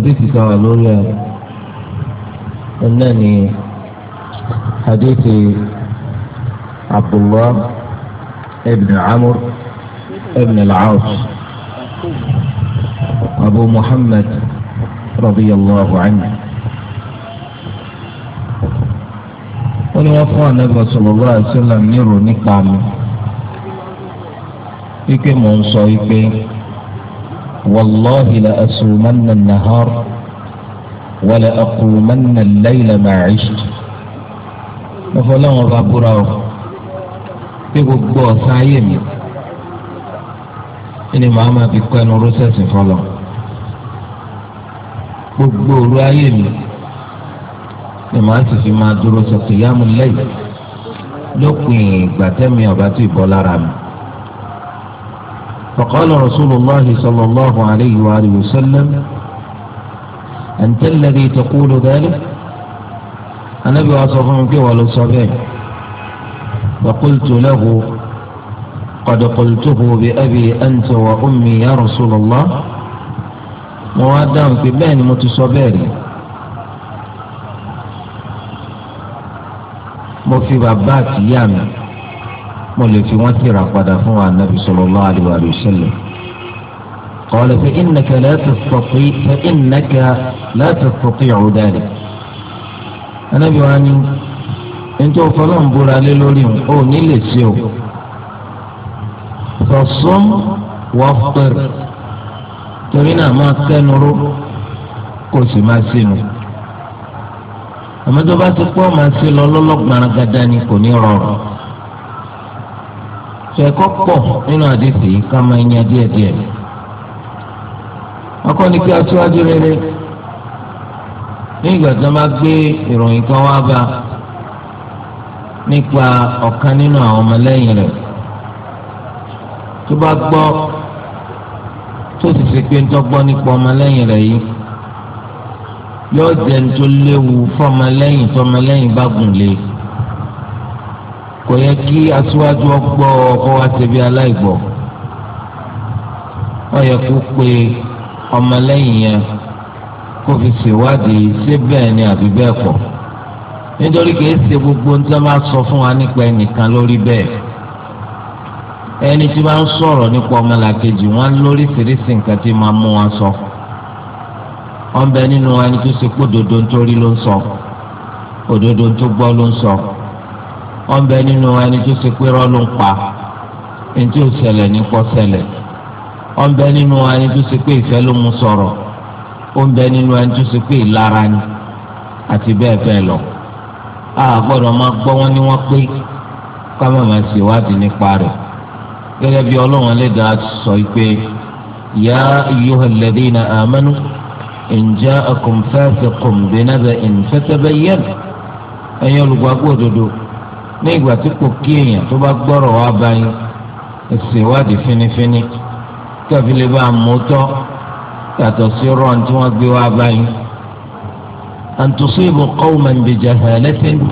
hadithi kan wà lórí ẹ̀ náà ni hadithi abdullah ibn amr ibn al-aas abu muhammad radiyallahu anhu. wọ́n ní wọ́n fún anábìyà sallallahu alaihi wasallam nírò nípa mi wípé mò ń sọ wípé. والله لأصومن النهار ولأقومن الليل ما عشت mo fọ lọ́wọ́ bá búra o bí gbogbo ọ̀sán ayé mi ẹni màá máa fi kọ́ ẹnu rọ́sẹ̀sì fọlọ́ gbogbo òru ayé mi ni màá sì fi máa dúró sọ kìyàmù lẹ́yìn lópin ìgbà tẹ́mi ọ̀bá tó ìbọ́ lára mi. فقال رسول الله صلى الله عليه وآله وسلم أنت الذي تقول ذلك النبي وصفهم ولو فقلت له قد قلته بأبي أنت وأمي يا رسول الله موادام في بين متصبري mo fi bàbá mo lè fi wọ́n tìrà padà fún wa nàbì sallallahu alaihi wa sallam. قال فإنك لا تستطيع فإنك لا تستطيع ذلك Ànábì wa ní ntọ́ fọlọ́n búra lé lórí o ní lè ṣe o fọ̀sọ́n wà pẹ̀rẹ̀ torí náà máa kẹ́nu ró kò sì máa sínú àmọ́ tó bá ti pọ́ máa sí lọ lọ́lọ́gbọ̀n gàdá ni kò ní rọrùn ẹ̀kọ́ pọ̀ nínú àdìsí yìí ká máa yan díẹ̀díẹ̀. ọkọ ni kí aṣíwájú rere ní ìgbà tí wọ́n bá gbé ìròyìn kan wá bá nípa ọ̀kan nínú àwọn ọmọlẹ́yìn rẹ̀ tó bá gbọ́ tó sì ṣe pé ń tọ́gbọ́ nípa ọmọlẹ́yìn rẹ̀ yìí yóò jẹ́ ń tó léwu fọ́mọlẹ́yìn tọ́mọlẹ́yìn bá gùn lé kò yẹ kí aṣíwájú ọgbọ́ ọkọ wa ṣe bí aláìgbọ́ ó yẹ kó pe ọmọlẹ́yìn yẹn kó fi ṣèwádìí ṣé bẹ́ẹ̀ ni àbí bẹ́ẹ̀ kọ́ nítorí kìí ṣe gbogbo ń tẹ́ máa sọ fún wa nípa ẹnìkan lórí bẹ́ẹ̀ ẹni tí wọ́n ń sọ̀rọ̀ nípa ọmọlàkejì wọn lórí ṣìírísì nǹkan tí máa mú wọn sọ wọn bẹ nínú ẹni tó ṣe pé òdodo ń torí ló ń sọ òdodo tó gbọ́ ló ń sọ. So wọ́n bẹ nínú ẹni tó ṣe pé rọ́ ló ń pa ẹni tó ṣẹlẹ̀ ní kọ́ ṣẹlẹ̀ wọ́n bẹ nínú ẹni tó ṣe pé ìfẹ́ ló mú sọ̀rọ̀ ó ń bẹ nínú ẹni tó ṣe pé ìlara ni àti bẹ́ẹ̀ bẹ́ẹ̀ lọ. a gbọ́dọ̀ máa gbọ́ wọn ní wọ́n pé ká ṣèwádìí nípa rẹ̀ gẹ́gẹ́ bí ọlọ́run ẹlẹ́dàá sọ pé ya ayyuhal ladhina amanu in ja'akum fasiqun bi naba'in fatabayyanu ẹ̀yin olùgbàgbọ́ òdodo ní ìgbà tí kò kí èèyàn tó bá gbọ́rọ̀ wá báyìí ẹsẹ̀ ìwádìí fínífíní kí àfi lè bá àmótọ́ yàtọ̀ sí rọ́ọ̀n tí wọ́n gbé wá báyìí. àǹtòsí ìbò kọ́wọ́mọ̀ ń bèjà hẹ́lẹ́tẹ́ni.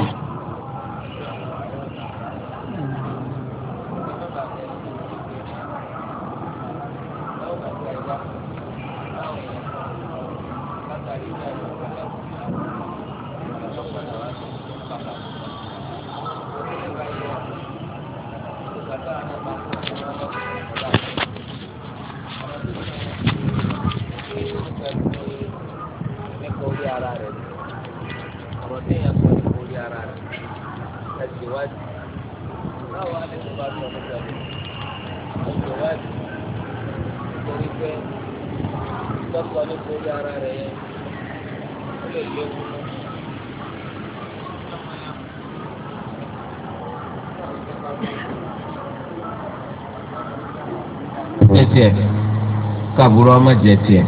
ọ̀rọ̀ ọmọ jẹ tiẹ̀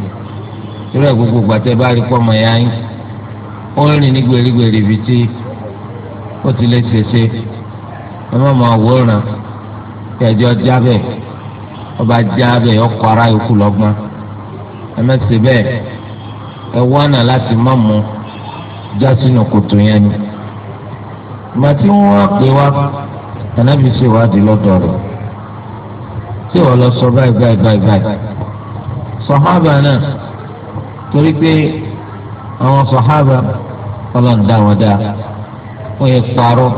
irú ẹ̀ gbogbo gbàtẹ́ bá rí pọ́mọ ya yín ó ń rìn ní gbèrígbèrí ibi tí ó ti lè ṣèṣe ẹ má máa wò ó ràn kẹjọ jábẹ ọba jábẹ ọkọ ara yòókù lọ́gbọ́n ẹ má ṣe ẹ wọnà láti má mú já kòtò yẹn ni màá tí wọ́n pè wá ànábì ṣèwádìí lọ́dọ̀ rẹ̀ tí wọ́n lọ sọ báyìí báyìí báyìí sọ̀hábà náà torí pé àwọn sọ̀hábà ọlọ́run dá wọn dá wọ́n yẹ parọ́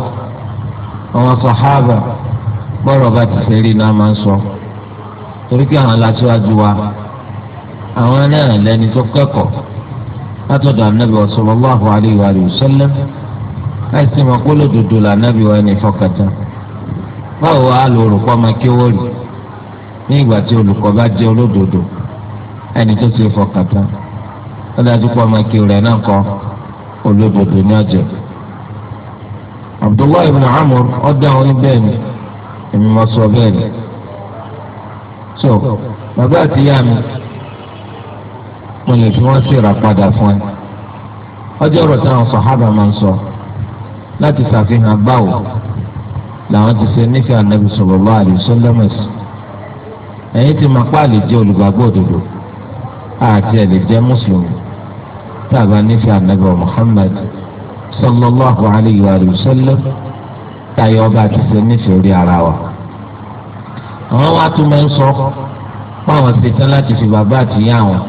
àwọn sọ̀hábà bọ́rọ̀ bá ti ṣe rí náà máa ń sọ torí pé àwọn aláṣíwájú wa àwọn náà lẹni tó kẹ́kọ̀ọ́ látọ̀dọ̀ ànábì sallallahu alaihi wa sallam láìsí mọ̀ pé là ànábì wa ẹni fọkàtà báwo wá lóòrùn kọ́ máa kéwòrì ní ìgbà tí olùkọ́ bá jẹ́ olódodo ẹni tó ṣe fọkàn tán ó dájú pé ọmọ ìkí rẹ̀ náà kọ olódodo ní ọjọ́ Abdullahi ibn Amr ọdẹ àwọn ibẹ̀ ni èmi mọ sọ bẹ́ẹ̀ ni so bàbá àti ìyá mi mo lè fi wọ́n ṣèrà padà fún ẹ ọjọ́ ọ̀rọ̀ táwọn sọ̀hábà máa ń sọ láti ṣàfihàn báwo làwọn ti ṣe nífẹ̀ẹ́ ànábì sallallahu alaihi wasallam ẹ̀yìn ti máa pààlè jẹ́ olùgbàgbọ́ òdodo àti ẹ̀ lè jẹ́ mùsùlùmí tá a bá nífẹ̀ẹ́ ànábì Muhammad sallallahu alayhi wa sallam táyọ̀ ọba ti ṣe nífẹ̀ẹ́ orí ara wa. àwọn wa tún máa ń sọ páwọn ṣe tán láti fi bàbá àti ìyá wọn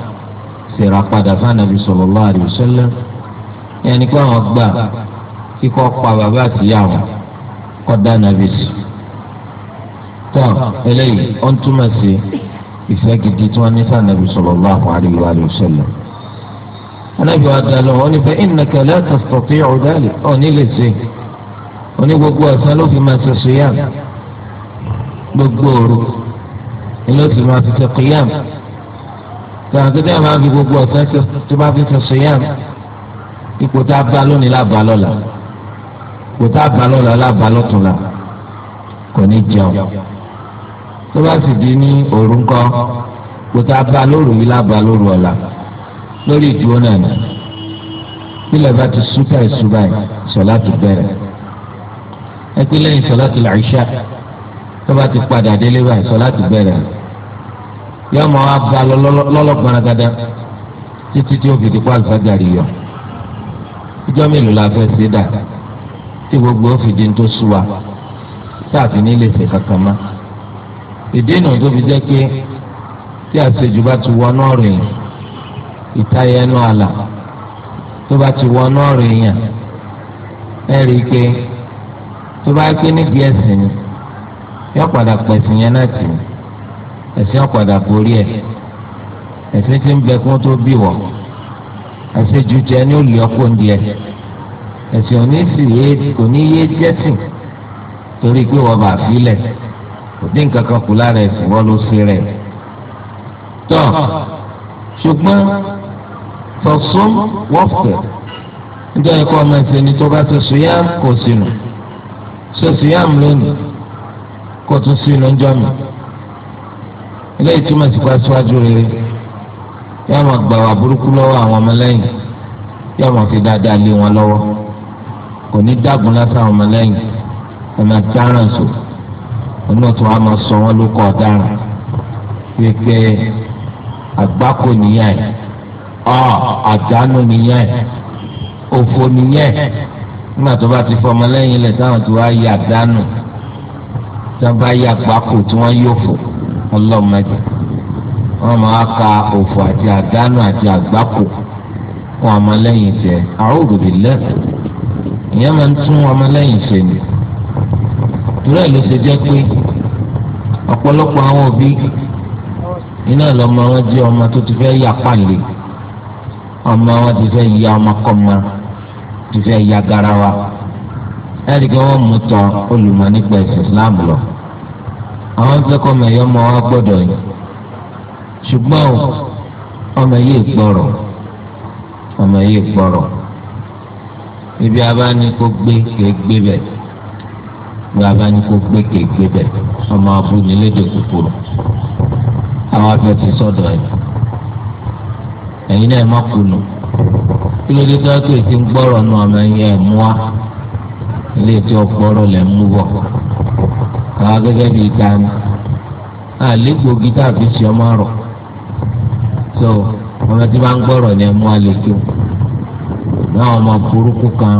ṣèrà padà fànàbí sallallahu alayhi wa sallam ẹni pé àwọn gbà kíkọ́ pa bàbá àti ìyá wọn kọ́ dá nàbí sí. tọ́ eléyìí ó ń túmọ̀ sí i ìfẹ́ gidi tí wọ́n ní sáà nàbì sallallahu alaihi wa sallam. anábì wa dá lọ wọn ní fa innaka la tastati'u dhalik ọ̀ nílé ṣe oní gbogbo ọ̀sán ló fi máa ṣe siyam gbogbo òru ni ló fi máa fi ṣe qiyam tàbí tó dẹ́ máa fi gbogbo ọ̀sán tó bá fi ṣe siyam ipò tá a bá lónìí lábàá lọ́la ipò tá a bá lọ́la lábàá lọ́tún la kò ní jẹun tó bá sì di ní òru ńkọ kòtà bá lóru yìí lábàá lóru ọ̀la lórí ìdíwọ́ náà nà ilẹ̀ bá ti súkà ìṣú báyìí sọ̀lá ti bẹ̀rẹ̀ ẹgbẹ́ lẹ́yìn sọ̀lá ti làṣà tó bá ti padà délé báyìí sọ̀lá ti bẹ̀rẹ̀ yọ ma wá ba lọ́lọ́gbọ́n gada títí tí ó fi di kó àlùfáàjàrí yọ ìjọ mélòó la fẹ́ ṣe dà tí gbogbo ó fi di ní tó sú wa táàfin ní lè ṣe kankan máa ìdí ìnà tó fi jẹ́ pé tí àṣejù bá ti wọ náà rè yàn ìtayẹ ẹnu àlà tó bá ti wọ náà rè yàn ẹ rí i pé tó bá pé nídìí ẹ̀sìn ni yọ padà pẹ̀sìn yẹn náà tì mí ẹ̀sìn yọ padà borí ẹ̀ ẹ̀sìn ti ń bẹ kí tó bì wọ̀ àṣejù jẹ ní olè ọkọ̀ ń di ẹ̀sìn ò sì yé kò ní yé jẹ́sìn torí pé wọ́n bá fi lẹ̀ kò dín kankan kù lára ẹ̀sìn wọn ló ṣe rẹ̀ tọ́ ṣùgbọ́n tọ̀sùn wọ́fẹ̀ nítorí kọ́ ọmọ ẹ̀sìn ni tó bá ti sùyàm kò sínú ṣe sùyàm lónìí kò tún sínú ń jọ mi ilé ìtumọ̀ sí pa síwájú rere yóò máa gbà wà burúkú lọ́wọ́ àwọn ọmọlẹ́yìn yóò máa fi dáadáa lé wọn lọ́wọ́ kò ní dágun lásán ọmọlẹ́yìn ọmọ ẹ̀ta ràn sọ̀rọ̀. onótò wa máa sọ wọn ló kọ ọ̀daràn pépé àgbákò nìyẹn ọ àdánù nìyẹn òfò nìyẹn nígbà tó bá ti fọmọ lẹ́yìn ilẹ̀ táwọn tó wá yà dánù tó bá yà àgbákò tí wọ́n yóò fò máa ka òfò àti àdánù àti àgbákò wọn ọmọlẹ́yìn tẹ a'udhu billah ìyẹn máa ń tún ọmọlẹ́yìn ni ọ̀pọ̀lọpọ̀ àwọn òbí iná lọ́mọ wọn jẹ́ ọmọ tó ti fẹ́ yà pàlè ọmọ wọn ti fẹ́ ya ọmọkọ́mọ ti fẹ́ ya garawa ẹ̀rí kí wọ́n mú tọ olùmọ̀ nípa ẹ̀sìn Islam lọ àwọn akẹ́kọ̀ọ́ ọmọ ẹ̀yọ́ ọmọ wa gbọ́dọ̀ yìí ṣùgbọ́n ọmọ yìí gbọ́rọ̀ ọmọ yìí gbọ́rọ̀ ibi abáni kò gbé kéé gbé bẹ́ẹ̀ bí a bá ní kó gbé kéèké bẹ ọmọ abu nílédè kúkúrú àwọn afẹ́ ti sọ̀dọ̀ ẹ̀ ẹ̀yin náà má kùnú kí ló dé tó ẹ̀ ti ń gbọ́rọ̀ nù ọmọ ẹ̀yìn ẹ̀ mú wa ilé tí ó gbọ́rọ̀ lẹ̀ ń mú bọ̀ àwọn gẹ́gẹ́ bíi dání àlégbògi tàbí tí ọmọ rọ̀ tó ọmọ tí bá ń gbọ́rọ̀ ni ẹ̀ mú wa lè tó náà ọmọ burúkú kan.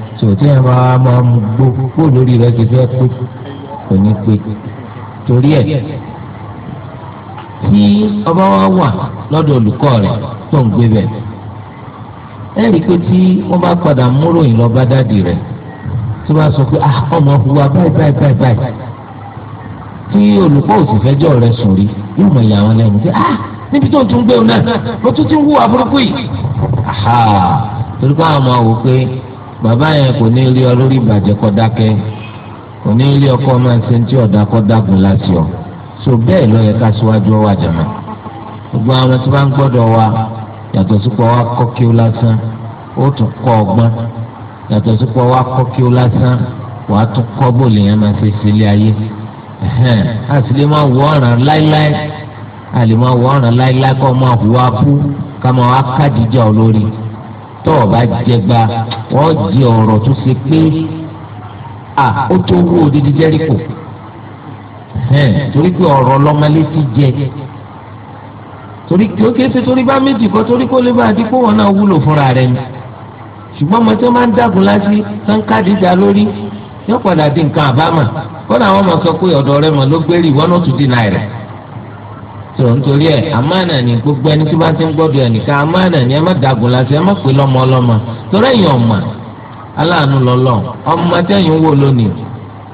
tí o ti yẹn máa máa mú gbó kó lórí rẹ ti fẹ́ pé kò ní pé torí ẹ̀ tí ọba wa wà lọ́dọ̀ olùkọ́ rẹ̀ tó ń gbé bẹ̀ ẹ rí i pé tí wọ́n bá padà múròyìn lọ bá dáàdì rẹ̀ tó bá sọ pé ah ọmọ hùwà báyìí báyìí báyìí báyìí tí olùkọ́ òsìfẹ́jọ́ rẹ̀ sùn rí yóò mọ̀ ìyá wọn lẹ́nu pé ah níbi tó ń tún gbé wọn náà mo tún ti ń hùwà burúkú yìí. torí pé àwọn máa wò pé bàbá yẹn kò ní rí ọ lórí ìbàjẹ́ kọ́ dákẹ́ kò ní rí ọkọ máa ń ṣe tí ọ̀dà kọ́ dàgùn láti ọ so bẹ́ẹ̀ ló yẹ ká síwájú ọwọ́ àjàmọ́ gbogbo àwọn tí wọ́n ń gbọ́dọ̀ wa yàtọ̀ sípò wa kọ́ kí ó lásán ó tún kọ́ ọgbọ́n yàtọ̀ sípò wa kọ́ kí ó lásán wàá tún kọ́ bòlì yẹn máa ṣe sílé ayé a sì lè máa wọ ọ̀ràn láíláí a lè máa wọ ọ̀ràn láíláí kọ́ máa hùwà kú ká máa wá kádìjà tó o bá jẹgba wọ́n di ọ̀rọ̀ tó ṣe pé à ó tó wú odidi jẹ́ríkò torí pé ọ̀rọ̀ lọ́mọlétí jẹ torí kí ó kése torí bá méjì kọ́ torí kó lè bá a di kó wọn náà wúlò fúnra rẹ̀ ni ṣùgbọ́n mo tí wọ́n máa ń dàgùn láti sáńkàdì dá lórí yóò padà di nǹkan àbámà kọ́nà àwọn ọmọ sọ pé ọ̀dọ̀ rẹ̀ mọ̀ ló gbérí ìwọ́n náà tún dínà rẹ̀. tó ń torí ẹ àmánà ni gbogbo ẹni tí wọn ti ń gbọ́dọ̀ ẹnìkan àmánà ni ẹ má dàgùn ẹ má pè lọ́mọ ọlọ́mọ torí ẹ̀yin ọmọ aláàánú lọlọ ọmọ tẹ̀yin wò lónìí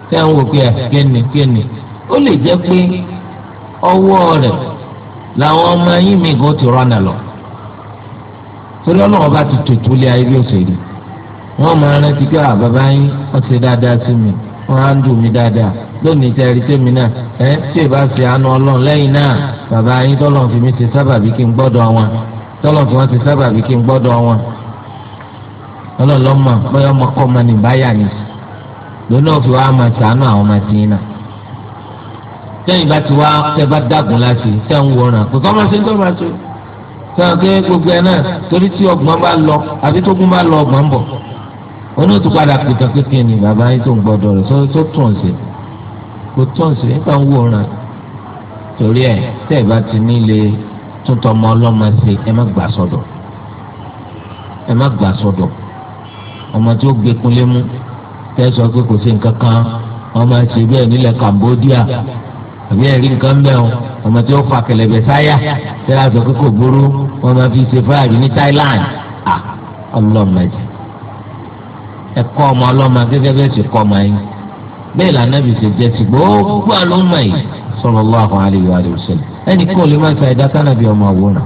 tẹ wò pé ẹ kéènì kéènì ó lè jẹ pé ọwọ́ rẹ̀ làwọn ọmọ yín mi gan ti rọnà lọ torí bá ti tètú lé ayé bí wọn máa rántí pé àbábá yín dáadáa sí mi wọn á ń dùn mí dáadáa lónìí tẹ ẹrí tèmi náà ẹ tí ì àánú ọlọ́run lẹ́yìn náà bàbá yín fi ti sábàbí kí n gbọ́dọ̀ wọn tọ́lọ̀ fi ti kí n wọn ni lónìí máa àwọn ọmọ náà bá ti wá bá dàgùn láti ń kò tọ́ gbogbo náà torí tí lọ àbí lọ ọgbọ́n bọ̀ pìtàkìtì ni bàbá tó ń gbọ́dọ̀ rẹ̀ tó tún kò tó ń sè nípa ń wòran torí ẹ tẹ́ ẹ bá ti nílé tuntun ọmọ ọlọ́mọ ṣe ẹ má gbà sọ́dọ̀ ẹ má gbà sọ́dọ̀ ọmọ tí ó gbé kunlé mú tẹ́ sọ pé kò sí nǹkan kan ọmọ ṣe bẹ́ẹ̀ nílẹ̀ Cambodia àbí ẹ̀rí nǹkan mẹ́wọ̀n ọmọ tí ó fa kẹlẹ̀bẹ̀ sáyà tẹ́ a sọ pé kò burú wọn máa fi ṣe fáàrí ní Thailand ọlọ́mọdé ẹ kọ́ ọmọ ọlọ́mọ gẹ́gẹ́ bẹ́ẹ̀ sì kọ́ ọmọ yín bẹ́ẹ̀ lànàbì ṣe jẹ́ ti gbogbo àlọ́mọ yìí sallallahu alaihi wa sallam ẹnì kan ò lè má sa ẹ̀dá kánàbì ọmọ àwòrán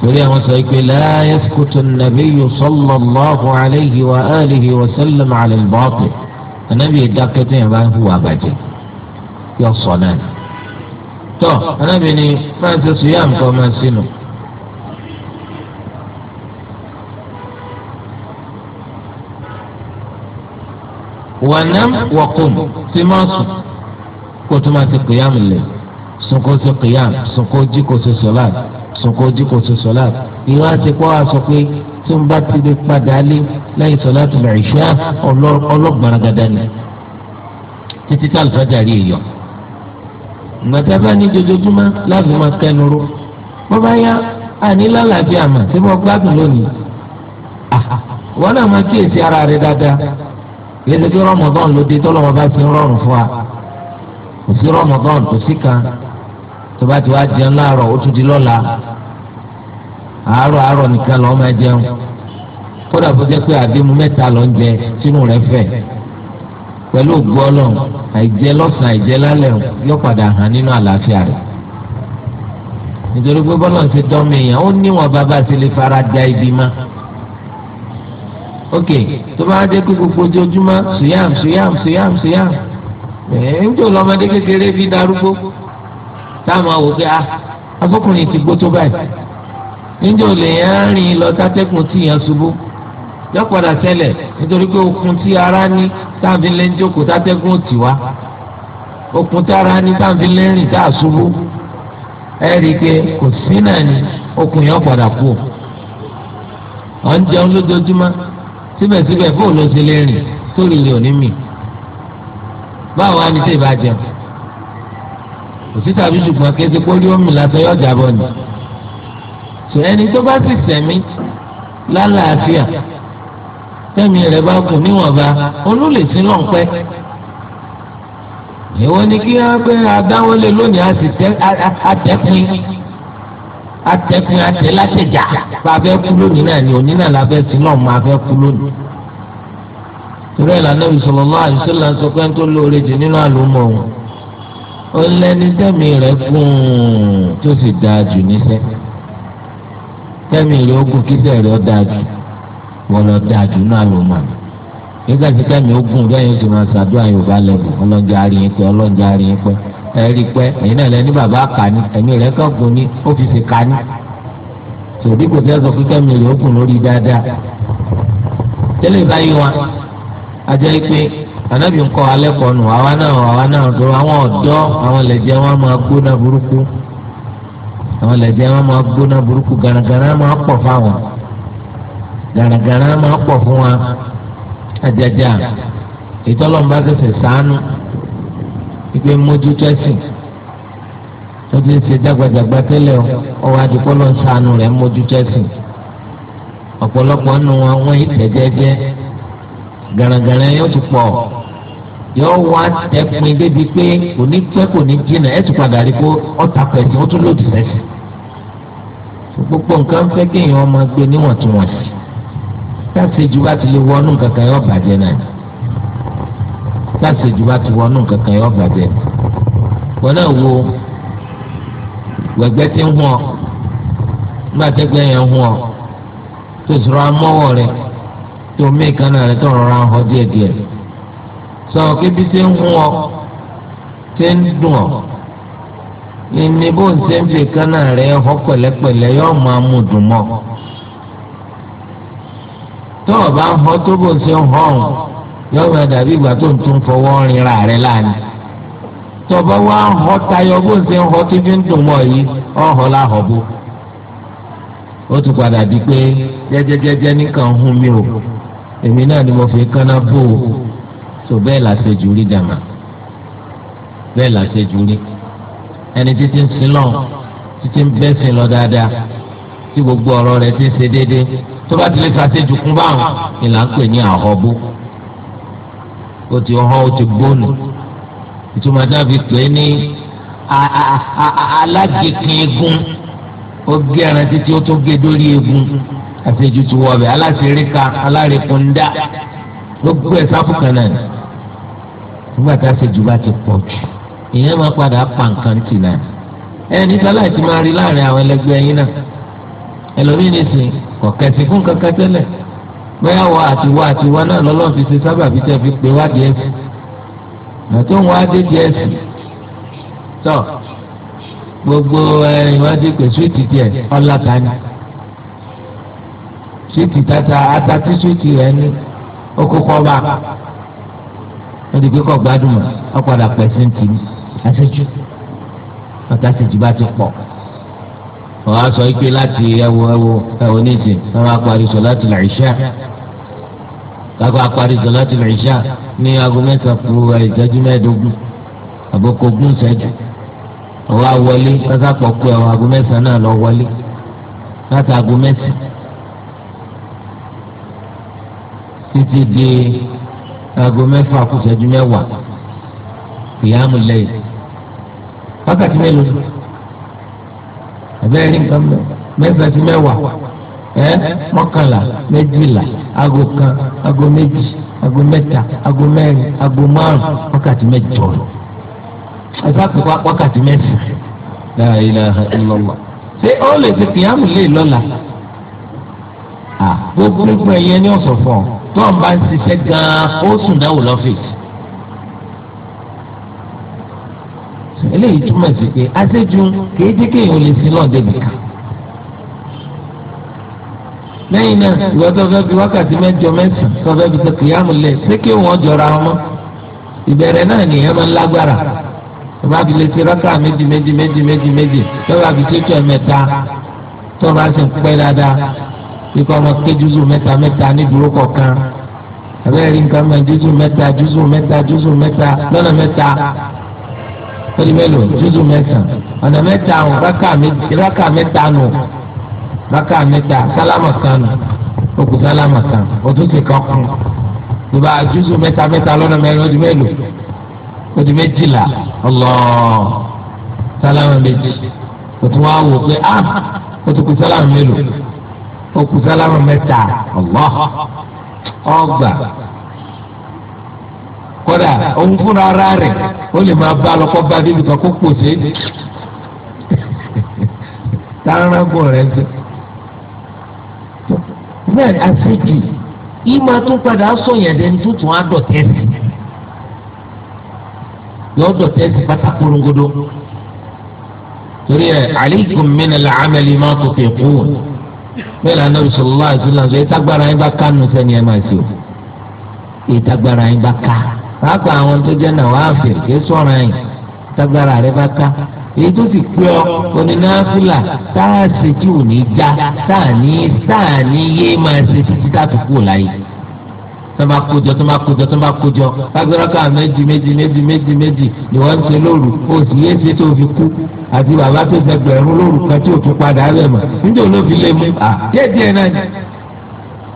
torí àwọn sọ pé la yaskutu an-nabiyyu sallallahu alaihi wa alihi wa sallam ala al-batil ànàbì ẹ̀dá kẹtẹ́ yẹn bá ń hùwà bàjẹ́ yọ sọ náà tọ́ ànàbì ni fáńsẹ̀ sùyà wọnàm wọkùn tí máa sùn kó tó máa ti kìyàm lè sùn kó ti kìyàm sùn kó jí kó ti sọlá sùn kó jí kó ti sọlá ìwà ti kọ́ wa pé tí n bá ti lè padà lé lẹ́yìn sọlá tó lè ṣá ni títí tá àlùfáàjà rí èèyàn gbàtà bá ní jojoojúmọ́ láti máa kẹnu ró bọ́ bá yá àní àmà tí mo gbádùn lónìí wọn náà máa kíyèsí ara rẹ dáadáa yẹtù kí rọmọdán ló dé tọ́lọ́mọ bá fi ń rọrùn fún wa kò sí rọmọdán kò sí kan tó bá ti wá jẹun láàárọ̀ ó tún di lọ́la àárọ̀ àárọ̀ nìkan lọ́ọ́ máa jẹun kódà bó jẹ́ pé àdéhùn mẹ́ta ló ń jẹ sínú rẹ̀ fẹ̀ pẹ̀lú ògbó ọlọ́run àìjẹ lọ́sàn-án àìjẹ lálẹ́ yóò padà hàn nínú àlàáfíà rẹ̀ nítorí pé bọ́lá ń ṣe dánmọ̀ èèyàn ó níwọ̀n bàbá ti lè fara da ibi máa ok tó bá dé pé gbogbo ojoojúmọ́ suyam suyam suyam suyam ẹ̀ ń jò lọ́mọdé kékeré fi darúgbó táwọn àwò pé ah, afọkùnrin ti gbó tó báyìí níjọ́ lè yẹn rìn lọ sátẹ́kùn tí yẹn ṣubú yọ padà ṣẹlẹ̀ nítorí pé okun tí ara ní táàbí lè ń jókòó sátẹ́kùn tì wá okun tí ara ní táàbí lè ń rìn tá a ṣubú ẹ rí i pé kò sí náà ni okun yẹn padà kú ọ̀ ń jẹun lójoojúmọ́ síbẹ̀síbẹ̀ bóun ló ti lè rìn sórí ilé òní mi báwo wá ní sí ìbàjẹ́ òsítà bí ṣùgbọ́n kéde kó rí omi lásán yóò jábọ̀ ni sọ ẹni tó bá sì sẹ̀mí lálàáfíà tẹ́mi rẹ̀ bá kù níwọ̀nba olólèsí náà ń pẹ́ èwo ni kí wọ́n pé adáwọlé lónìí àtẹ̀pin atẹkùn atẹ látẹjà bá a fẹ́ kú lónìí náà ni òní náà la fẹ́ sí náà máa fẹ́ kú lónìí. torí ẹ̀ lànà ìṣòro náà àìsílà sọ pé ń tó lóore jù nínú àlùmọ̀ òun ó lẹ́ni tẹ́mi rẹ̀ fún un tó sì dáa jù níṣẹ́ tẹ́mi rẹ̀ ó kú kíṣẹ́ rẹ̀ ó dáa jù wọ́n lọ dáa jù náà àlùmọ̀ mi nígbà tí tẹ́mi ó bẹ́ẹ̀ yóò sì máa ṣàdúrà Yorùbá lẹ́bù ọlọ́njà àríyìn pẹ́ ọlọ́njà àríyìn pẹ́ ẹ̀rí pẹ́ ẹ̀yin náà lẹ́ni bàbá kàní ẹ̀mí rẹ̀ kàn gùn ní ọ́fíìsì kàní tòdí kò fẹ́ sọ kíkẹ́ mi yóò kùn lórí dáadáa tẹ́lẹ̀ báyìí wa ajá yìí pé ànábì ń kọ́ alẹ́ kọ́ nù àwa náà àwa náà dúró àwọn ọ̀dọ́ àwọn lẹ́jẹ̀ wọn máa gbóná burúkú àwọn lẹ́jẹ̀ wọn máa gbóná burúkú garagara máa pọ̀ fáwọn garagara máa pọ̀ fún wa ajaja ìtọ́lọ́mbà sẹ̀sẹ̀ sànú ìgbé mójú tẹ́sìn tó ti ń ṣe jágbàjàgbà tẹ́lẹ̀ ọwọ́ àdìpọ́ ló ń sànù rẹ̀ mójú tẹ́sìn ọ̀pọ̀lọpọ̀ nù wọn wọ́n ìtẹ̀jẹ́jẹ́ gàràngàrà yóò ti pọ̀ yóò wá ẹpin débi pé kò ní pẹ́ kò ní jìnnà ẹ̀ tún padà rí kó ọ̀tà pẹ̀sìn ó tún lòdì sẹ́sìn gbogbo nǹkan fẹ́ kéèyàn ọmọ gbé níwọ̀ntúnwọ̀nsì táṣe ju bá ti lè wọnú kankan yóò bàjẹ́ náà láti ṣèjú bá ti wọnú kankan yọ gbàdẹ wọn náà wo gbẹgbẹ tí ń hún ọ nígbà tẹgbẹ yẹn ń hún ọ tó sọ̀rọ̀ amọwọ rẹ tó mí kanáà rẹ tó rọra ń họ díẹ̀ díẹ̀ sọ kébí tí ń hún ọ tí ń dùn ọ ní bó ń ṣe ń fi kanáà rẹ họ pẹ̀lẹ́pẹ̀lẹ́ yọọ máa mú dùn mọ tó o bá ń họ tó bó ń ṣe ń họ ọhún yóò máa dàbí ìgbà tó ń tún fọwọ́ rinra rẹ láàánú tọba wa ń họ tayọ bó ń ṣe ń họ tó fi ń dùn mọ́ yìí ọ̀họ́ la họ bó ó tún padà di pé jẹ́jẹ́jẹ́jẹ́ nìkan hun mi o èmi náà ni mo fi kánná bò ó tó bẹ́ẹ̀ là ṣe jù rí dàmà bẹ́ẹ̀ là ṣe jù rí ẹni títí ń sin lọ títí ń bẹ́ sin lọ dáadáa tí gbogbo ọ̀rọ̀ rẹ̀ ti ń ṣe déédéé tó bá ti lè fàṣẹ jù kún báwọn ni là ń pè ní àhọ́bó ó ti hàn ó ti gbónù ìtumọ̀ dábì pé ní alágẹ̀kẹ̀ egun ó gé ẹran títí ó tó gé dórí egun àtẹjú ti wọ ọbẹ aláṣẹríkà alárẹkùndà ló gbé ẹsáfù kan náà nígbà tá a ṣe jù bá ti pọ̀ jù ìyẹn máa padà pa nǹkan tì náà ẹni sálà ti máa rí láàrin àwọn ẹlẹgbẹ́ yín náà ẹlòmíín ní sìn kankan tẹ́lẹ̀ bóyá wọ àtiwọ àtiwọ náà lọ́lọ́run fi ṣe sábà fi tẹ̀ fi pé wádìí ẹ̀sìn àti òun wádìí díẹ̀ ẹ̀sìn tọ́ gbogbo ìwádìí pé swiiti tiẹ̀ ọ̀la tani swiiti tata atati swiiti rẹ̀ ní okókó ọba olùkíkọ̀ gbádùn mọ́ ọ̀padà pẹ̀sìn tì ní àṣejù ọ̀tá ṣèjì bá ti pọ̀ wọ́n á sọ pé láti ẹwọ ẹwọ ẹwọ níìsín wọ́n á parí sọ láti lè ṣá kápá parí sọ láti lè ṣá ní aago mẹ́ta kú ìṣẹ́jú mẹ́ẹ̀ẹ́dógún àbókò gún ìṣẹ́jú wọ́n á wọlé kásápọ̀ pé ẹ̀wọ̀n aago mẹ́sàn náà lọ wọlé láti aago mẹ́sàn títí di aago mẹ́fà kú ìṣẹ́jú mẹ́wàá ìyá àmúlẹ̀ wákàtí mélòó abẹ́rẹ́ nǹkan mẹ́ mẹ́sàn-án sí mẹ́wàá ẹ́ mọ́kànlá méjìlá aago kan aago méjì aago mẹ́ta aago mẹ́rin aago márùn wákàtí mẹ́jọ ẹ̀fọ́ àpèkọ́ wákàtí mẹ́sàn-án la ilaha illallah ṣé ó lè fi kìyàmù lè lọ́la gbogbo ẹ̀yẹ ni ó sọ fún ọ tó ń bá ń ṣiṣẹ́ gan-an ó sùn dáwò lọ́fíìsì. eléyìí túmọ̀ sí pé aṣẹ́jú kìí dín kéèyàn lè sin náà débi kan. lẹ́yìn náà ìwọ́n tó fẹ́ fi wákàtí mẹ́jọ mẹ́sàn-án tó fẹ́ fi ṣe kìyàmù lẹ̀ ṣé kí wọ́n jọra wọn mọ́ ìbẹ̀rẹ̀ náà nìyẹn máa ń lágbára ìbá fi lè ṣe rákà méjì méjì méjì méjì méjì lọ́wọ́ àfi ṣètò ẹ̀mẹ́ta tó bá ṣe ń pẹ́ dáadáa kíkọ́ ọmọ ké júzù mẹ́ta mẹ́ta ní dúró kọ̀ọ̀kan àbẹ́rẹ́ nǹkan mẹ́ júzù mẹ́ta júzù mẹ́ta júzù mẹ́ta lọ́nà mẹ́ta torí mélòó júzù mẹ́sàn-án ọ̀nà mẹ́ta àwọn rákà mẹ́ta nù rákà mẹ́ta sálámà kan nù òkú sálámà kan òtútù kan kù ìbá júzù mẹ́ta mẹ́ta lọ́nà mẹ́rin ó di mélòó ó di méjìlá ọlọ́ sálámà méjì òtún wá wò pé á ah, òtúkù sálámà mélòó òkú sálámà mẹ́ta ọlọ́ ọgbà kódà òun fúnra ara rẹ̀ ó lè máa bá lọ́kọ́ bá débi kan kó pò sí. tárágbọ̀n rẹ̀ ṣe. bẹ́ẹ̀ ni àṣejù yìí máa tún padà sọ̀yàn dẹni tuntun á dọ̀tẹ́sì yóò dọ̀tẹ́sì pátákó rongodo torí ẹ aleikum min al-amali ma tutiqun bẹ́ẹ̀ ni anabi sallallahu alaihi wasallam ìtagbára yín bá ká nù sẹ́ni ẹ̀ máa ṣe o ìtagbára yín bá ká pàápàá àwọn tó jẹ́ náà wàá fèrè kí sọ̀rọ̀ ẹ̀yìn tágbára rẹ bá ká èyí tó sì pé ọ onínáfìlà tá a ṣe tí ò ní já tá a ní tá a ní yé máa ṣe títí tá a fi kúrò láyé tó máa kójọ tó máa kójọ tó máa kójọ lágbẹ́rọ́kà méjì méjì méjì méjì méjì ni wọ́n ń ṣe lóru oṣù yé ṣe tó fi kú àti bàbá tó ṣẹgbẹ̀rún lóru kan tí ò tún padà rẹ̀ mọ̀ nítorí ló fi lé mú à díẹ̀ díẹ̀ náà ni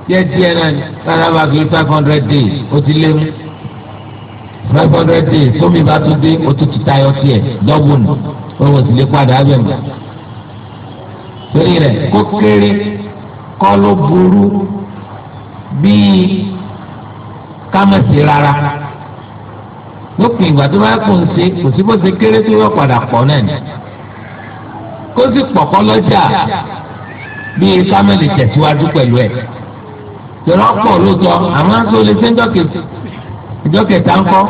díẹ̀ díẹ̀ náà ni sára bá five hundred days ó ti lé mú five hundred days tómi bá tún dé o tún ti tayọ tiẹ̀ dọ́gbọ̀n ní owó sì lè padà abẹ́ mọ́. torí rẹ̀ kó kéré kọ́ ló burú bíi kámẹ́sì rárá lópin ìgbà tó bá kún un ṣe kò sí bó ṣe kéré tó yọ padà pọ̀ náà ni kó sì pọ̀pọ̀ lọ́jà bíi kámẹ́lì tẹ̀síwájú pẹ̀lú ẹ̀ tẹ̀rọ pọ̀ lóòótọ́ àmọ́ tó lè ṣe ń dọ́kẹ́tì ìjọ kẹta ń kọ́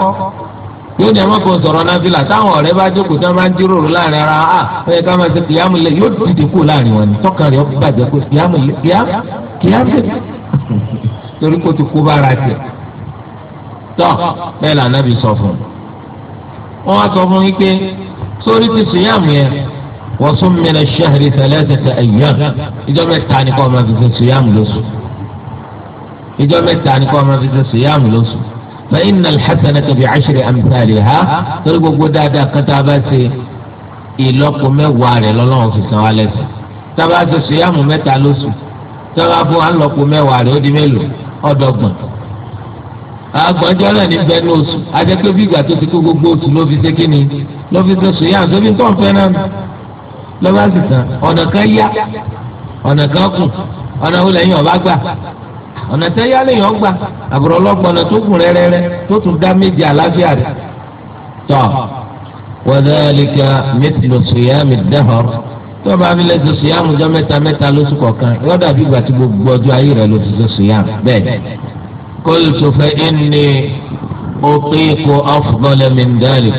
yóò ní ẹmọ kan sọ̀rọ̀ náà fìlà táwọn ọ̀rẹ́ bá jókòó tí wọ́n bá ń jíròrò láàrin ara a ó yẹ ká máa ṣe kìyàmù lẹ yóò dìde kú láàrin wọn ni tọ́kàn rẹ̀ ọkùnrin bàjẹ́ pé kìyàmù lẹ kìyàmù lẹ torí kó ti kú bára tiẹ̀ tọ́ bẹ́ẹ̀ lànà bí sọ fún un wọ́n wá sọ fún yín pé sórí ti sùyàmù yẹn wọ́n sún mi lẹ ṣẹ́hìrì tẹ̀lẹ́tẹ̀tẹ̀ ẹ̀yàn ìjọ mẹ́ta ni kọ́ ọ فإن الحسنة بعشر أمثالها تلقوا قدادا كتابات ìlọ́po mẹ́wàá rẹ̀ lọ́lọ́run fi san wa lẹ́sìn tába ṣe ṣìyàmù mẹ́ta lóṣù tába fún wa ńlọ́po mẹ́wàá rẹ̀ ó di mélòó ọ̀dọ́gbọ̀n. gbogbo otu ló fi ṣe kí ni ló fi ṣe ṣìyàmù ọ̀nà tẹ́ yálé yàn gbà àbúrò ọlọ́gbọ̀n ọ̀nà tó kù rẹ́rẹ́rẹ́ tó tún dá méje àlàáfíà rẹ̀ tọ́ wọ́dálíkà mẹ́tìlú sùyàmì dẹ́họ̀r tó bá fi lè ṣe sùyàmù jọ mẹ́ta mẹ́ta lóṣù kọ̀ọ̀kan yóò dàbí ìgbà tí gbogbo ọjọ́ ayé rẹ̀ ló ti ṣe sùyàmù bẹ́ẹ̀ kóòtù fẹ́ ẹni òpéèkó ọ̀fọ̀gọ́lẹ́mí dálì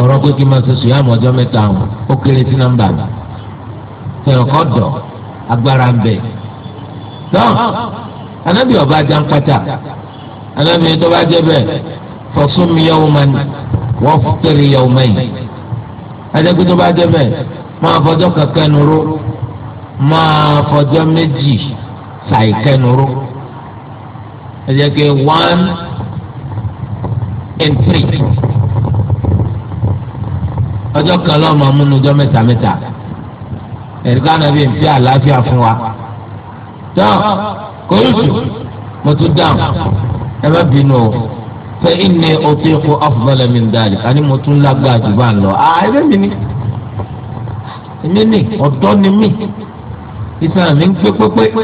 ọ̀rọ̀ pé kí n máa ṣe sùyàmù ọjọ́ mẹ́ta àwọn ó kéré sí nọ́mbà mi fẹ̀rẹ̀ kọ́ dọ̀ agbára ń bẹ̀. náà anábì ọba ajá ń pátá anábì tó bá jẹ́ bẹ́ẹ̀ fọ̀sùn mi yẹ̀wò máa ní wọ́n kéré yẹ̀wò máa yìí. adékun tó bá jẹ́ bẹ́ẹ̀ máa fọjọ́ kankan nuru máa fọjọ́ méjì ṣàìkẹ́ nuru. ẹ jẹ́ kí one and three ọjọ́ kan lọ́mọ múnujọ́ mẹ́ta mẹ́ta ẹ̀ríkà náà bí n fi àlàáfíà fún wa. tán kóòtù mo tún dáhùn ẹ má bínú o fẹ́ ìní ọtí kó afdal min dhalik àní mo tún lágbára jù bá ń lọ. ààrẹ mi ni èmi ni ọ̀dọ́ ni mí ìtàn mi ń gbé pépé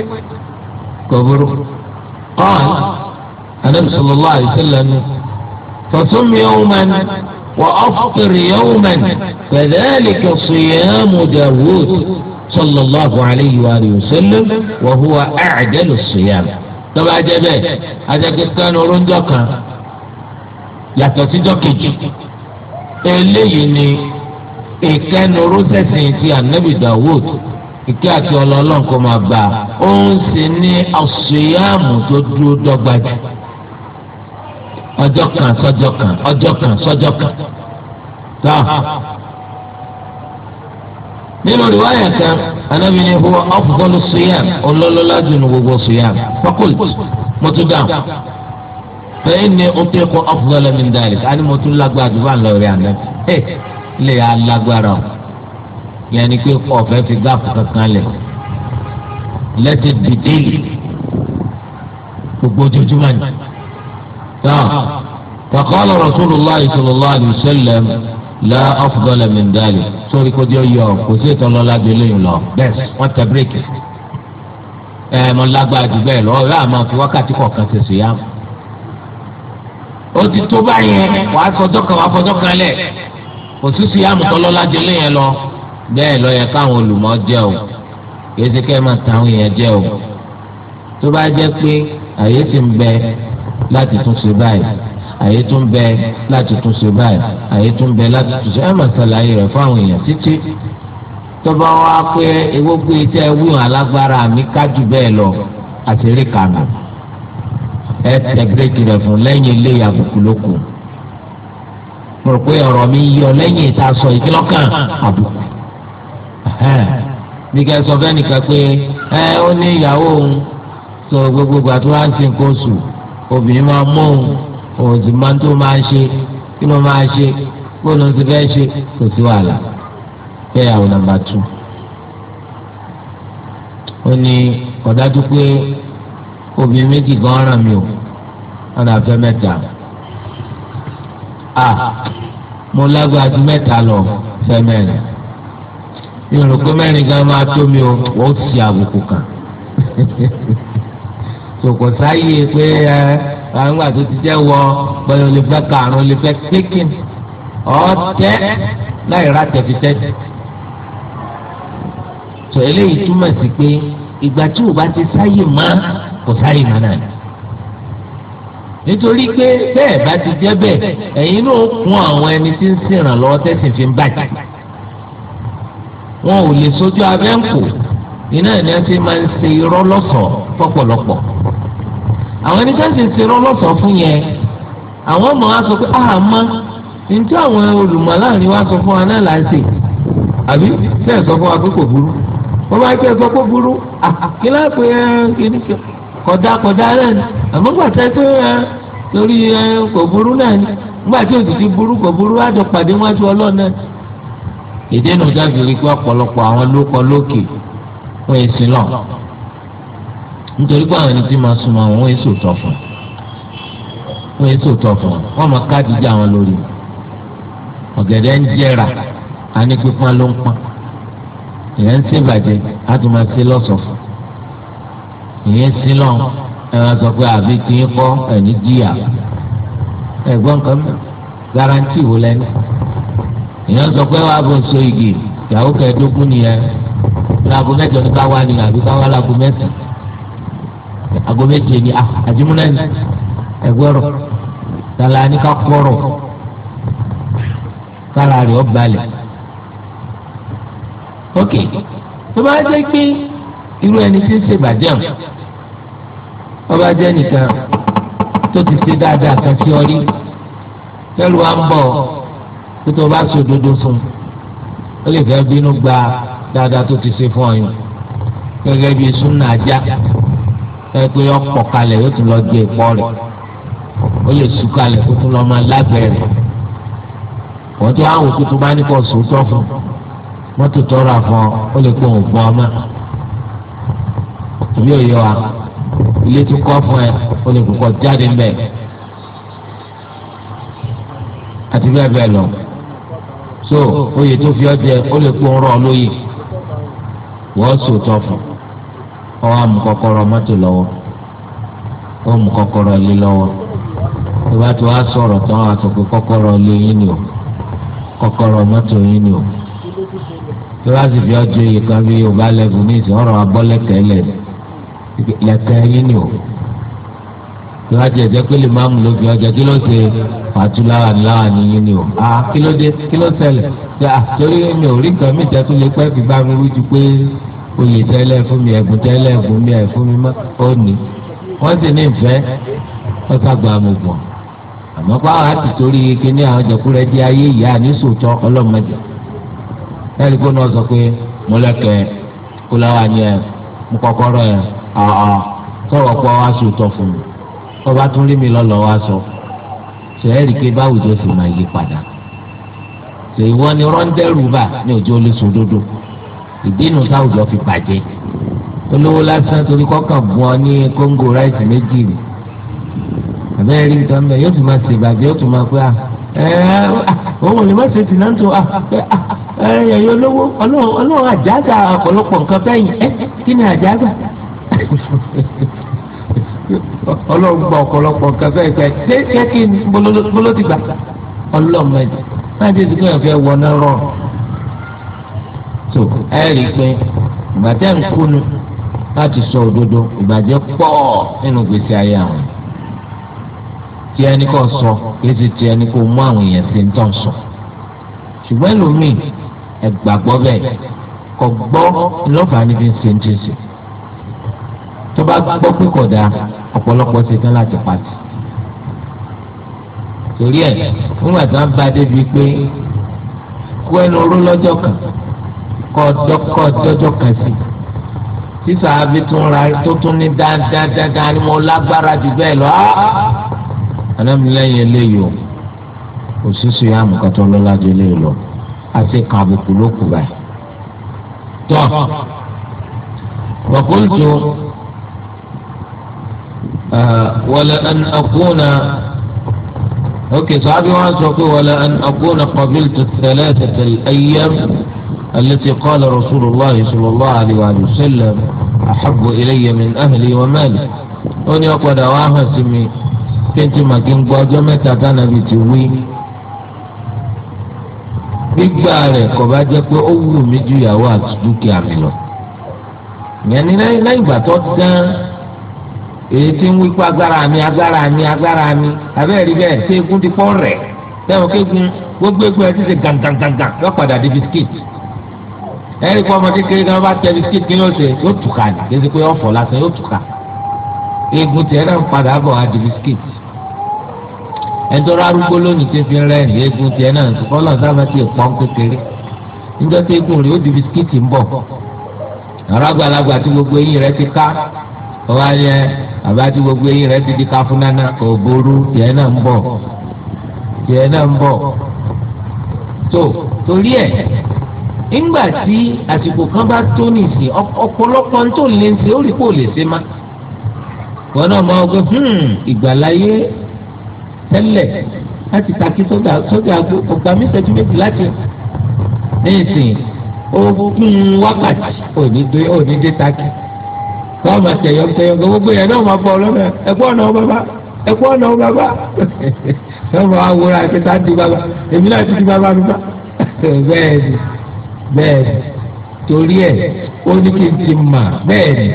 kò ọ̀hún anabi sallallahu alaihi tọ̀tún mi ò máa وأفطر يوما فذلك صيام داود صلى الله عليه وآله وسلم وهو أعدل الصيام طبعا جبال هذا كان رندقا yàtọ̀ síjọ́ kejì eléyìí ni ìkẹnu rọ́sẹ̀sìn ti anabi dawud ìkẹ́ àti ọlọ́ọ̀lọ́ kò máa bá a ó ń sin ní àṣeyàmù tó dúró dọ́gba jù ọjọ́ kan sọ́jọ́ kan ọjọ́ kan sọ́jọ́ kan tó nínú riwaya kan anabi ni huwa afdalu siyam ọlọlọlá dunu gbogbo siyam fakult mọtúdàm fẹyìn ni o tẹ kó afdalu min dalik àni mọtún lágbára ju báà ń lọ rí àná ẹ lè yà lágbára o yẹn ni pé ọfẹ fi gáàpù kankan lẹ lẹtẹ dìde gbogbo ojoojúmọ́ ni. فقال رسول الله صلى الله عليه وسلم لا أفضل من ذلك sori ko di ọyọ kò sí ètò ọlọ́lá ju eléyìí lọ bẹ́ẹ̀ wọ́n tẹ bíréèkì ẹ mọ lágbára jù bẹ́ẹ̀ lọ ọ̀rẹ́ àmọ́ fi wákàtí kọ̀ọ̀kan ṣe sùn yá. ó ti tó báyẹn wàá fọjọ́ kan wàá fọjọ́ kan lẹ̀ kò sí sùn yá mọ̀tọ́ lọ bẹ́ẹ̀ lọ yẹ káwọn olùmọ̀ jẹ́ o kì í ṣe kẹ́ ẹ máa ta àwọn èèyàn o tó bá jẹ́ pé àyè ti ń bẹ láti tún ṣe báyìí àyè tún bẹ láti tún ṣe báyìí àyè tún bẹ láti tún ṣe ẹ mà ṣàlàyé rẹ̀ fáwọn èèyàn títí tọba wa pé ewégbé tí ẹ wíwọn alágbára mi kájú bẹ́ẹ̀ lọ àṣírí kànú ẹ tẹ bírèkì rẹ̀ fún lẹ́yìn ilé àbùkù lóko mo rò pé ọ̀rọ̀ mi yọ lẹ́yìn ìta sọ ìdílọ́kàn àbùkù bí ká sọ fẹ́ pé ẹ ó ní ìyàwó òun sọ gbogbo gbàtúrà ń sin kóòsù obìnrin máa mọ òun òun sì máa tó máa ṣe kí ló máa ṣe kó ló ti fẹ́ ṣe kò sí wàhálà fẹ́yàwó nàmbà tù. ó ní ọ̀dájú pé obìnrin méjì gan ràn mí o wọn náà mẹ́ta a mo lágbára ju mẹ́ta lọ fẹ́ mẹ́rin mi ò rò pé mẹ́rin gan máa tó mi o wọ́n sì àbùkù kan. kò sáyé pé ẹ àwọn àti ti jẹ́ wọ pẹ̀lú olè fẹ́ kàrún olè fẹ́ kékin ọ̀tẹ́ láì ra tẹ̀fitẹ́. sọ eléyìí túmọ̀ sí pé ìgbà tí o bá ti sáyé mọ́ kò sáyé mọ́ náà ni. nítorí pé bẹ́ẹ̀ bá ti jẹ́ bẹ́ẹ̀ ẹ̀yin náà kún àwọn ẹni tí ń ṣèrànlọ́wọ́ tẹ̀sìn fi ń bàjẹ́. wọn ò lè sojú abẹ́ǹkù iná ìní ẹ ti máa ń ṣe irọ́ lọ́sọ̀ọ́ fọ́pọ̀lọpọ̀ àwọn ẹni tó ń sèse lọ́lọ́sàn fún yẹn àwọn ọmọ wa sọ pé ah, àmọ́ nítorí àwọn olùmọ̀ láàrin wa sọ fún wa náà là ń sè àbí bẹ́ẹ̀ sọ fún wa pé kò burú wọ́n bá kẹ́ ẹ sọ pé burú ah, ah, kílá pé kíní kọ̀dá kọ̀dá náà ni àmọ́ gbàtẹ́ pé torí kò burú náà ni gbàtí òtítí burú kò burú àjọ pàdé wájú ọlọ́ọ̀nà ìdènà jáde rí pé ọ̀pọ̀lọpọ̀ àwọn lókọ lókè wọ́n èsì náà nítorí pé àwọn ẹni tí máa súnmọ́ àwọn èso tọ̀ fún wọn èso tọ̀ fún wọn wọn máa káàdì jẹ àwọn lórí ọ̀gẹ̀dẹ̀ ń jẹrà á ní pípọ́n ló ń pọ́n ìyẹn ń ṣèbàjẹ́ á tún máa ṣe lọ́sọ̀fọ̀ ìyẹn sí lọ́n ẹ máa sọ pé àbí kí n kọ́ ẹ̀ní díyà ẹ̀gbọ́n kan garanti wò lẹ́nu ìyẹn sọ pé wàá bọ̀ so igi ìyàwó kẹẹ̀ẹ́dógún nìyẹn láago mẹ́jọ ní káwá ni àbí káwá láago mẹ́sàn-án aago méje ni a a ẹgbẹ́rọ̀ tala ni ká kọ̀rọ̀ kára rẹ̀ ọ́ balẹ̀ ok tó bá jẹ́ pé irú ẹni tí ń ṣe bàjẹ́ o ọba jẹ́ nìkan tó ti ṣe dáadáa kan sí ọ rí lẹ́rù wa ń bọ̀ tó tó bá ṣe òdodo fún un ó lè fẹ́ bínú gba dáadáa tó ti ṣe fún ọyàn gẹ́gẹ́ bí ẹgbẹ́ ọ̀pọ̀ kalẹ̀ yóò tún lọ gé ìpọ́ rẹ̀ ó lè sùn kalẹ̀ kó tún lọ máa lábẹ́ rẹ̀ wọ́n tún àwọn òkú tó bá ní kó sòótọ́ fún mọ́tò tọrọ àfọ ó lè kó òògùn ọmọ ìbí òye wa ilé tún kọ́ fún ẹ ó lè kókó jáde ń bẹ̀ àti bẹ́ẹ̀ bẹ́ẹ̀ lọ so oyè tó fi ọ jẹ ó lè kó ń ọ lóye wọ́n sòótọ́ fún ọwọ amukọ́kọ́rọ́ mọ́tò lọ́wọ́ ó mú kọ́kọ́rọ́ lé lọ́wọ́ tó bá ti tán á sọ pé kọ́kọ́rọ́ lé yín ni o kọkọrọ mọ́tò yín ni o tó bá sì fi ọjọ́ yìí kan bí yorùbá lẹ́bù ní ìsìn ọ̀rọ̀ abọ́ lẹ́kẹ̀ẹ́ lẹ̀ lẹ́kẹ̀ẹ́ yín ni o tó bá jẹ́ jẹ́ pé lè máa mú ló fi ọjọ́ kí ló ṣe pàtó láwa ni yín ni o à kí ló dé kí ló torí rí nǹkan mi tó lè pẹ́ fi bá mi wí ju pé oyè tẹ́lẹ̀ fún mi ẹ̀bùn tẹ́lẹ̀ fún mi ẹ̀fún mi ó ní wọ́n sì ní ìfẹ́ ọ̀sàgbà àmùgbọ̀n àmọ́ báwa ti torí kíní àwọn jẹ̀kúrẹ́ di ayé ìyá àníṣòótọ́ ọlọ́mọdé ẹ̀rí kó náà sọ pé mọ́lẹ́kẹ̀ kóláwa ni ẹ̀ mú kọ́kọ́rọ́ ẹ̀ ọ̀ọ́ sọ̀rọ̀ pọ̀ wá sòótọ́ fún mi tọ́ba tún rí mi lọ́lọ́ wá sọ sẹ́ẹ̀rì pé báwùjọ sì máa yí padà ṣèwọ́n ni rọ́ńdẹ́rù bá ní òjò olóṣòdodo ìdínú táwùjọ fi bàjẹ́ olówó lásán torí kọ́kàn bu ọ ní kóńgò ráìsì méjì rè àbẹ́rẹ́ rí nǹkan mẹ́ yóò tún máa ṣèbàjẹ́ yóò tún máa pé à òun ò lè má ṣe tì náà tó ẹ̀yẹ olówó ọlọ́run àjàgà ọ̀pọ̀lọpọ̀ nǹkan bẹ́yìn ẹ́ kí ni àjàgà ọlọ́run gba ọ̀pọ̀lọpọ̀ nǹkan bẹ́yìn pé ṣé kí ni bolo ti gbà ọlọ́run mẹ́jọ náà ti sùn kí wọ́n fẹ́ wọ náà rọrùn tó ẹ rí i pé ìbàjẹ́ ń kúnu láti sọ òdodo ìbàjẹ́ pọ̀ nínú gbèsè ayé àwọn tí ẹni kò sọ kéde tí ẹni kò mú àwọn èèyàn sí ń tàn sọ ṣùgbọ́n ẹlòmíì ẹ gbàgbọ́ bẹ́ẹ̀ kò gbọ́ lọ́fà níbi ń ṣe ń tẹ̀sí tó bá gbọ́ pé kò dáa ọ̀pọ̀lọpọ̀ ṣe tán láti pàtì torí ẹ̀ nígbà tí wọ́n bá débi pé kó ẹnu oró lọ́jọ́ kan kọ́ dọ́jọ́ kan sí i tí sàábì tún ra tó tún ní dáadáa ni mo lágbára jù bẹ́ẹ̀ lọ. anamílẹ́yìn ah! eléyìí o kò sísun yá àmùkọ́tọ́ lọ́lájú eléyìí lọ àti kàbùkù ló kù báyìí. tọ́ wàkúntù wọlé ẹnìkúnà. اوكي صحابي وانا سوقي ولا ان اكون قبلت الثلاثه الايام التي قال رسول الله صلى الله عليه وآله وسلم أحب إلي من أهلي ومالي ó ní ọ̀pọ̀ dà wàá hàn sí mi pé tí màkì ń gbọ́ ọjọ́ mẹ́ta tánàbì ti wí. gbígbà rẹ̀ kò bá jẹ́ pé ó wù mí ju ìyàwó àti dúkìá mi lọ. ìyẹn ní lẹ́yìn ìgbà tó dán èyí tí ń wípé agbára mi agbára mi agbára mi abẹ́rẹ́ bẹ́ẹ̀ ṣé egun ti pọ́ rẹ̀ tẹ́wọ̀n kégun gbogbo egun ẹ ti ṣe gàǹgàǹgàǹgàǹ lọ́padà di bisikíìtì. ẹ̀rí kọ́ ọmọ kékeré kan bá tẹ bisikíìtì kí ló ṣe yóò tùkà ní kí ẹ otu pé ọ̀fọ̀ lásán yóò tùkà eegun tiẹ̀ náà ń padà bọ̀ àdì bisikíìtì ẹ̀dọ́rọ̀ arúgbó lónìí ti fi rẹ́ ní eegun tiẹ̀ náà ń sọ́kọ́ sábà ti pọ́n kékeré níjọ́ di bisikíìtì ń bọ̀ ọ̀rọ̀ gbogbo eyín rẹ̀ ti ká ọba yẹ àbá tí gbogbo eyín rẹ̀ ti di ká fún tiẹ̀ náà ń bọ̀ tiẹ̀ nígbà tí àsìkò kan bá tó nìsín ọ̀pọ̀lọpọ̀ ń tó lè ṣe ó rí kó lè ṣe má wọn náà máa gbé hmm, ìgbàláyé tẹ́lẹ̀ láti takí sójà ọgbà mi ṣẹ́jú méjì láti nísìn ogún wákàtí onídé onídé takí wọn máa tẹyọ tẹyọ gbogbo yẹn náà máa bọ ọlọ́mọ ẹ̀gbọ́n náà bàbá ẹ̀gbọ́n náà bàbá wọn máa wúra ẹ̀kẹta di bàbá èmi náà ti di bàbá mi bá bẹ́ẹ̀ ni bẹ́ẹ̀ torí ẹ̀ ó ní kí n ti mà bẹ́ẹ̀ ni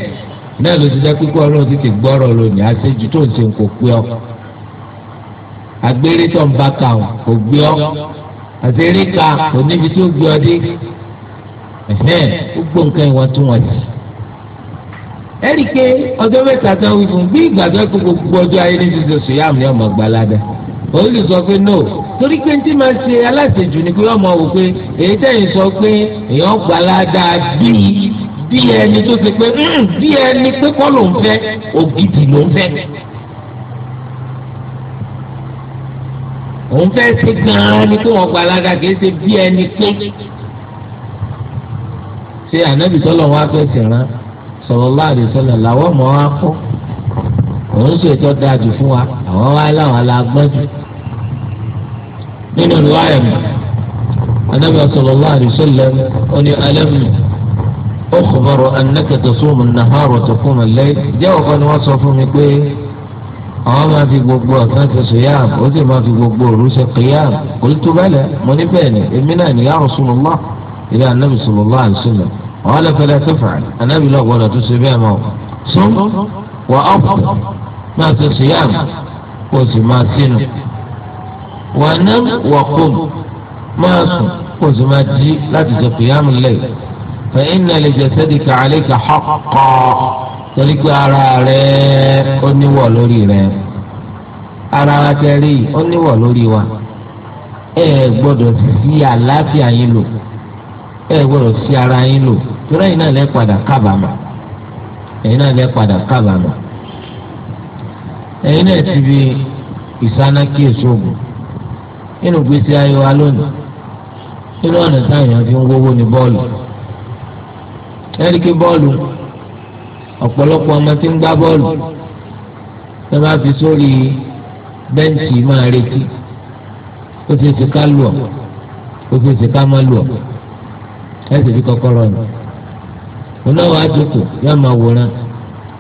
náà ló ti jẹ́ pípọ́ ọlọ́run ti ti gbọ́rọ̀ lónìí àṣejù tó ń ṣe kò pé ọ agbèrè tó ń bá ka ọ kò gbé ọ àti eréka kò níbi tí ó gbé ọ dé ẹ̀hẹ́n ó gbó nǹkan ìwọ̀ntúnwọ̀nsì ẹ̀rí pé ọjọ́ mẹ́ta tó ń wí fún bí ìgbà gbogbo ọjọ́ ayé ní ti ṣe sùn yá mi ọmọ gbalada òun lè sọ pé no torí pé ní tí máa ṣe aláṣejù ni pé ọmọ wò pé èyí tẹ̀yìn sọ pé èèyàn gbà ládàá bíi bí ẹni tó ṣe pé mm, bí ẹni pé kọ́ ló ń fẹ́ ògidì ló ń fẹ́. òun fẹ́ ṣe gan-an ni pé wọ́n gba alága kìí ṣe bí ẹni pé. ṣé ànábì sọ́lọ̀ wọn afẹ́sẹ̀ rán sallallahu alaihi wasallam làwọn ọmọ wa kọ́ òun ṣètò dájú fún wa àwọn wa láwọn alágbọ́n jù nínú ìwáyà mi anabi sallallahu alayhi wa sallam oní alam ukhbaru annaka tasumu an-nahara wa taqumu al-layl jẹ́wọ́ kan ni wọ́n sọ fún mi pé àwọn máa fi gbogbo ọ̀sán ti sùyàm ó sì máa fi gbogbo òru ṣe qiyam qultu bala mo ní bẹ́ẹ̀ ni èmi náà ni ya rasulullah ilé anabi sallallahu alayhi wa sallam wọ́n tó fà anabi lọ gbọ́dọ̀ tó ṣe bẹ́ẹ̀ mọ́ sún wà á máa ṣe sùyàm kó o sì máa sínú. wà ná wà máa sùn sì máa jí láti ṣe kìyàmù torí ara rẹ ó níwọ̀ lórí rẹ ara kẹrí ó níwọ̀ lórí wa ẹ gbọ́dọ̀ àlàáfíà yín lò ẹ ara yín lò torí ẹ̀yin náà lẹ́ padà kábàámọ̀ ẹ̀yin náà lẹ́ padà náà ti fi ìsáná nínú gbèsè ayé wa lónìí nínú ọ̀nà táyà fi ń wówó ní bọ́ọ̀lù ẹ̀ríkì bọ́ọ̀lù ọ̀pọ̀lọpọ̀ ọmọ tí ń gbá bọ́ọ̀lù tó bá fi sórí bẹ́ǹtì máa retí ó ti ṣe ká lù ọ́ ó ti ṣe ká má lù ọ́ ẹ̀ sì fi kọ́kọ́rọ́ nù onáwó àjòkò yóò máa wòran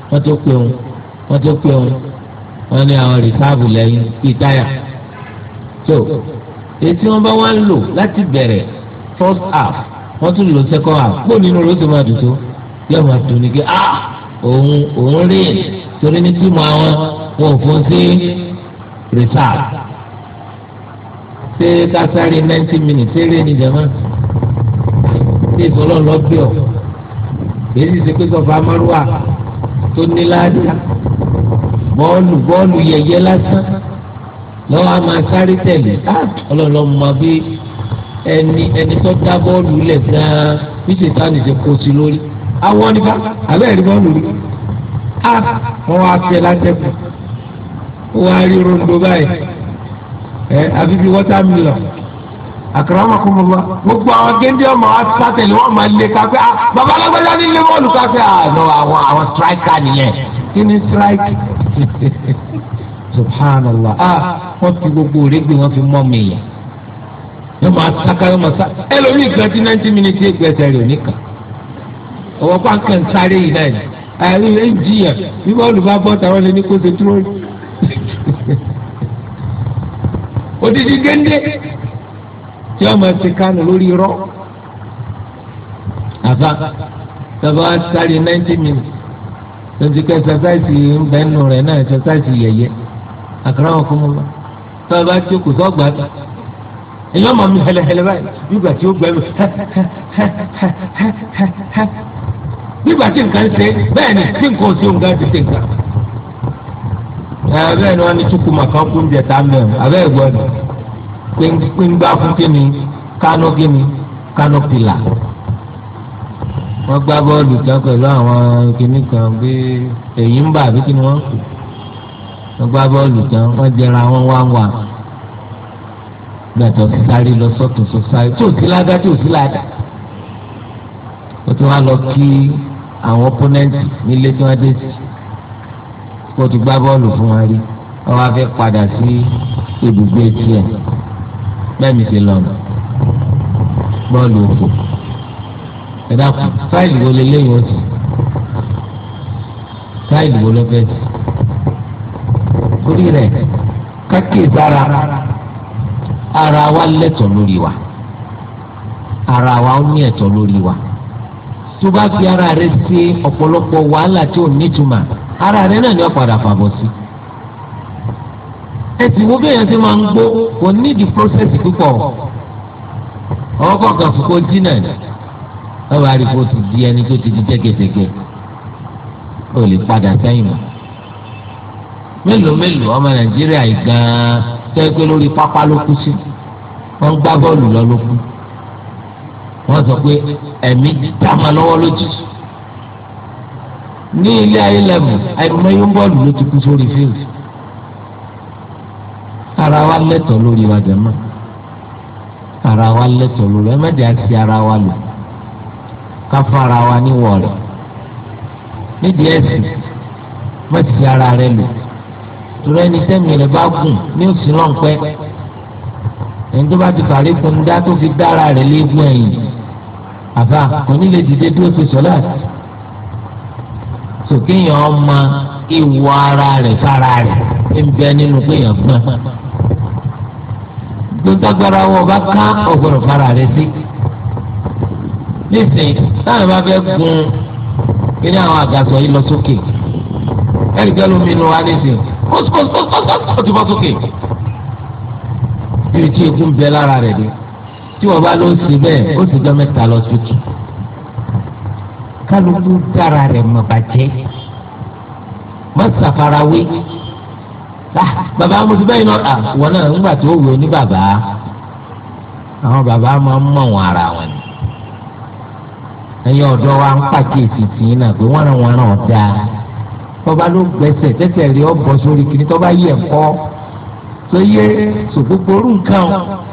wọ́n tó pé òun wọ́n tó pé òun wọ́n ní àwọn rìsáàbù lẹ́yìn bíi táyà so ètí wọn bá wá ń lò láti bẹ̀rẹ̀ first half wọ́n tún lò second half kó nínú ló ti máa dùn tó yóò máa dùn ní kí ah òun òun rí torí ní tìmọ̀ àwọn wọn ò fún sí reserve ṣé ká sáré ninety minutes ṣé ré ni jẹ̀mọ́ ṣé ìfọlọ́ lọ bí ọ èyí sì pé sọfà amárúwà tó ní ládàá bọ́ọ̀lù bọ́ọ̀lù yẹyẹ lásán lọ́wọ́ a máa sáré tẹ̀lé ah, ọlọ́lọ́ mọ bí ẹni ẹni tó dá bọ́ọ̀lù lẹ̀ gan-an bí sèǹtánì ti kó sí lórí àwọn nípa àbẹ́ẹ̀rí bọ́ọ̀lù rí a ah, wọ́n wá fẹ́ látẹ́kù wọ́n á rí rondo báyìí ẹ àbí bí wọ́tàmílọ̀ àkàràmà kò mọ̀ wá gbogbo àwọn géńdé ọmọ wa sá tẹ̀lé wọ́n máa lé káfẹ́ à ah, bàbá alágbèjà ní ilé bọ́ọ̀lù káfẹ́ à àwọn àwọn striker nìyẹn kí ni strike. subhanallah ah wọ́n fi gbogbo rẹ́gbẹ̀ wọ́n fi mọ́ mi yẹn yóò máa saka yóò máa sa ẹlòmíì kan tí náìtì mínítì ẹgbẹ́sẹ̀ rẹ̀ nìkan ọ̀wọ́ pàǹkà ń sáré yìí náà ni àyàwó rẹ̀ ń jiyàn bí bọ́ọ̀lù bá bọ́ tàwọn lè ní kó ṣe dúró odidi géńdé tí wọ́n máa ṣe kánú lórí irọ́ àbá tàbá sáré náìtì mínítì lọ́sí kẹ́ ẹ̀sẹ̀ sáìsì ń bẹ́ẹ̀ nù rẹ̀ náà ẹ̀sẹ̀ sáìsì yẹ̀yẹ́ àkàrà wọn kún mọ́ lọ tó o bá tí o kò sọ gbà tó èyí ọmọ mi hẹlẹhẹlẹ báyìí nígbà tí ó gbẹ mi nígbà tí nǹkan ṣe bẹ́ẹ̀ ni tí nǹkan ṣe nǹkan ti ṣe nǹkan. bẹ́ẹ̀ ni wọ́n ní tukù màkàn kún jẹ tá a mẹ́rin abẹ́ ẹ̀gbọ́n ni pínpín bá fún kíni kánú kíni kánú pìlà. wọ́n gbá bọ́ọ̀lù kan pẹ̀lú àwọn kìnnìkan bí èyí ń bà bí kí ni wọ́n kù wọ́n gbá bọ́ọ̀lù tán wọ́n jẹra wọn wá wà gbẹ̀tọ̀ sáré lọ sọ́tún tó sáré tó sí ládá tó sí ládá ó tún wá lọ kí àwọn opponenti nílé tí wọ́n dé sí kó ti gbá bọ́ọ̀lù fún wọn rí wọ́n wá fẹ́ padà sí ibùgbé tiẹ̀ bẹ́ẹ̀ni ti lọ́nà bọ́ọ̀lù òfò ẹ̀dá fáìlì wo lélẹ́yìn ó sì fáìlì wo ló fẹ́ sí. orí rẹ kákè zara, ara wa lẹtọ lórí wa ara wa ó ní ẹ̀tọ́ lórí wa tó bá fi ara rẹ̀ ṣe ọ̀pọ̀lọpọ̀ wàhálà tí ò ara rẹ náà ni ó padà fàbọ̀ sí ẹ wo bí èèyàn ti máa ń gbó kò ní di process púpọ̀ ọkọ̀ kan ọba di ẹni tó ti di jẹ́gẹ́jẹ́gẹ́ ó lè mélòó mélòó ọmọ nàìjíríà yìí gan-an tó yẹ pé lórí pápá ló kú sí wọ́n gbá bọ́ọ̀lù lọ ló kú wọ́n sọ pé ẹ̀mí dá máa lọ́wọ́ lójú ní ilé ayé lẹ́mù ẹ̀mọ́yé bọ́ọ̀lù ló ti kú sórí fíìlì ara wa lẹ́tọ̀ lórí wa jẹ̀mọ́ ara wa lẹ́tọ̀ lórí ẹ̀mẹ́dẹ̀ àti ara wa lò káfára wa níwọ̀ rẹ̀ nídìí ẹ̀sìn mẹ́tì ara rẹ̀ lò tùrọ ẹni sẹ́mi rẹ̀ bá gùn ní òsì náà pẹ́ ẹni tó bá ti fàrí kun dá tó fi dára rẹ̀ léegun ẹ̀yìn àbá òní lè dìde dúró fi sọ́lá sòkéèyàn ọmọ ìwọ ara rẹ̀ fara rẹ̀ ń bẹ nínú kéèyàn gbọ́n gbẹdọgbara wọn bá ká ọgbọrọ fara rẹ̀ sí nísìnyí táwọn bá fẹ́ gun kí ni àwọn àgàsọ yìí lọ sókè ẹnì ló mi nu wa nísìnyí ó ti bọ́ sókè ibi tí egun bẹ lára rẹ̀ dé tí wọ́n bá ló ń ṣe bẹ́ẹ̀ ó sì jọ mẹ́ta lọ sókè kálukú dára rẹ̀ mọ̀ bàjẹ́ má ṣàfarawé ah, bàbá mo ti bẹ́ẹ̀ náà wọn náà nígbà tó wù ú ní bàbá àwọn bàbá máa ń mọ̀ wọn ara wọn ni ẹ̀yin ọ̀dọ́ wa ń pàkíyèsí tì í pé wọ́n ràn wọ́n ràn dáa tọba ló gbẹsẹ̀ tẹ́sẹ̀ rí ọ bọ̀ sórí kìíní tọba yẹ kọ́ tó yé sòkòkò orú nǹkan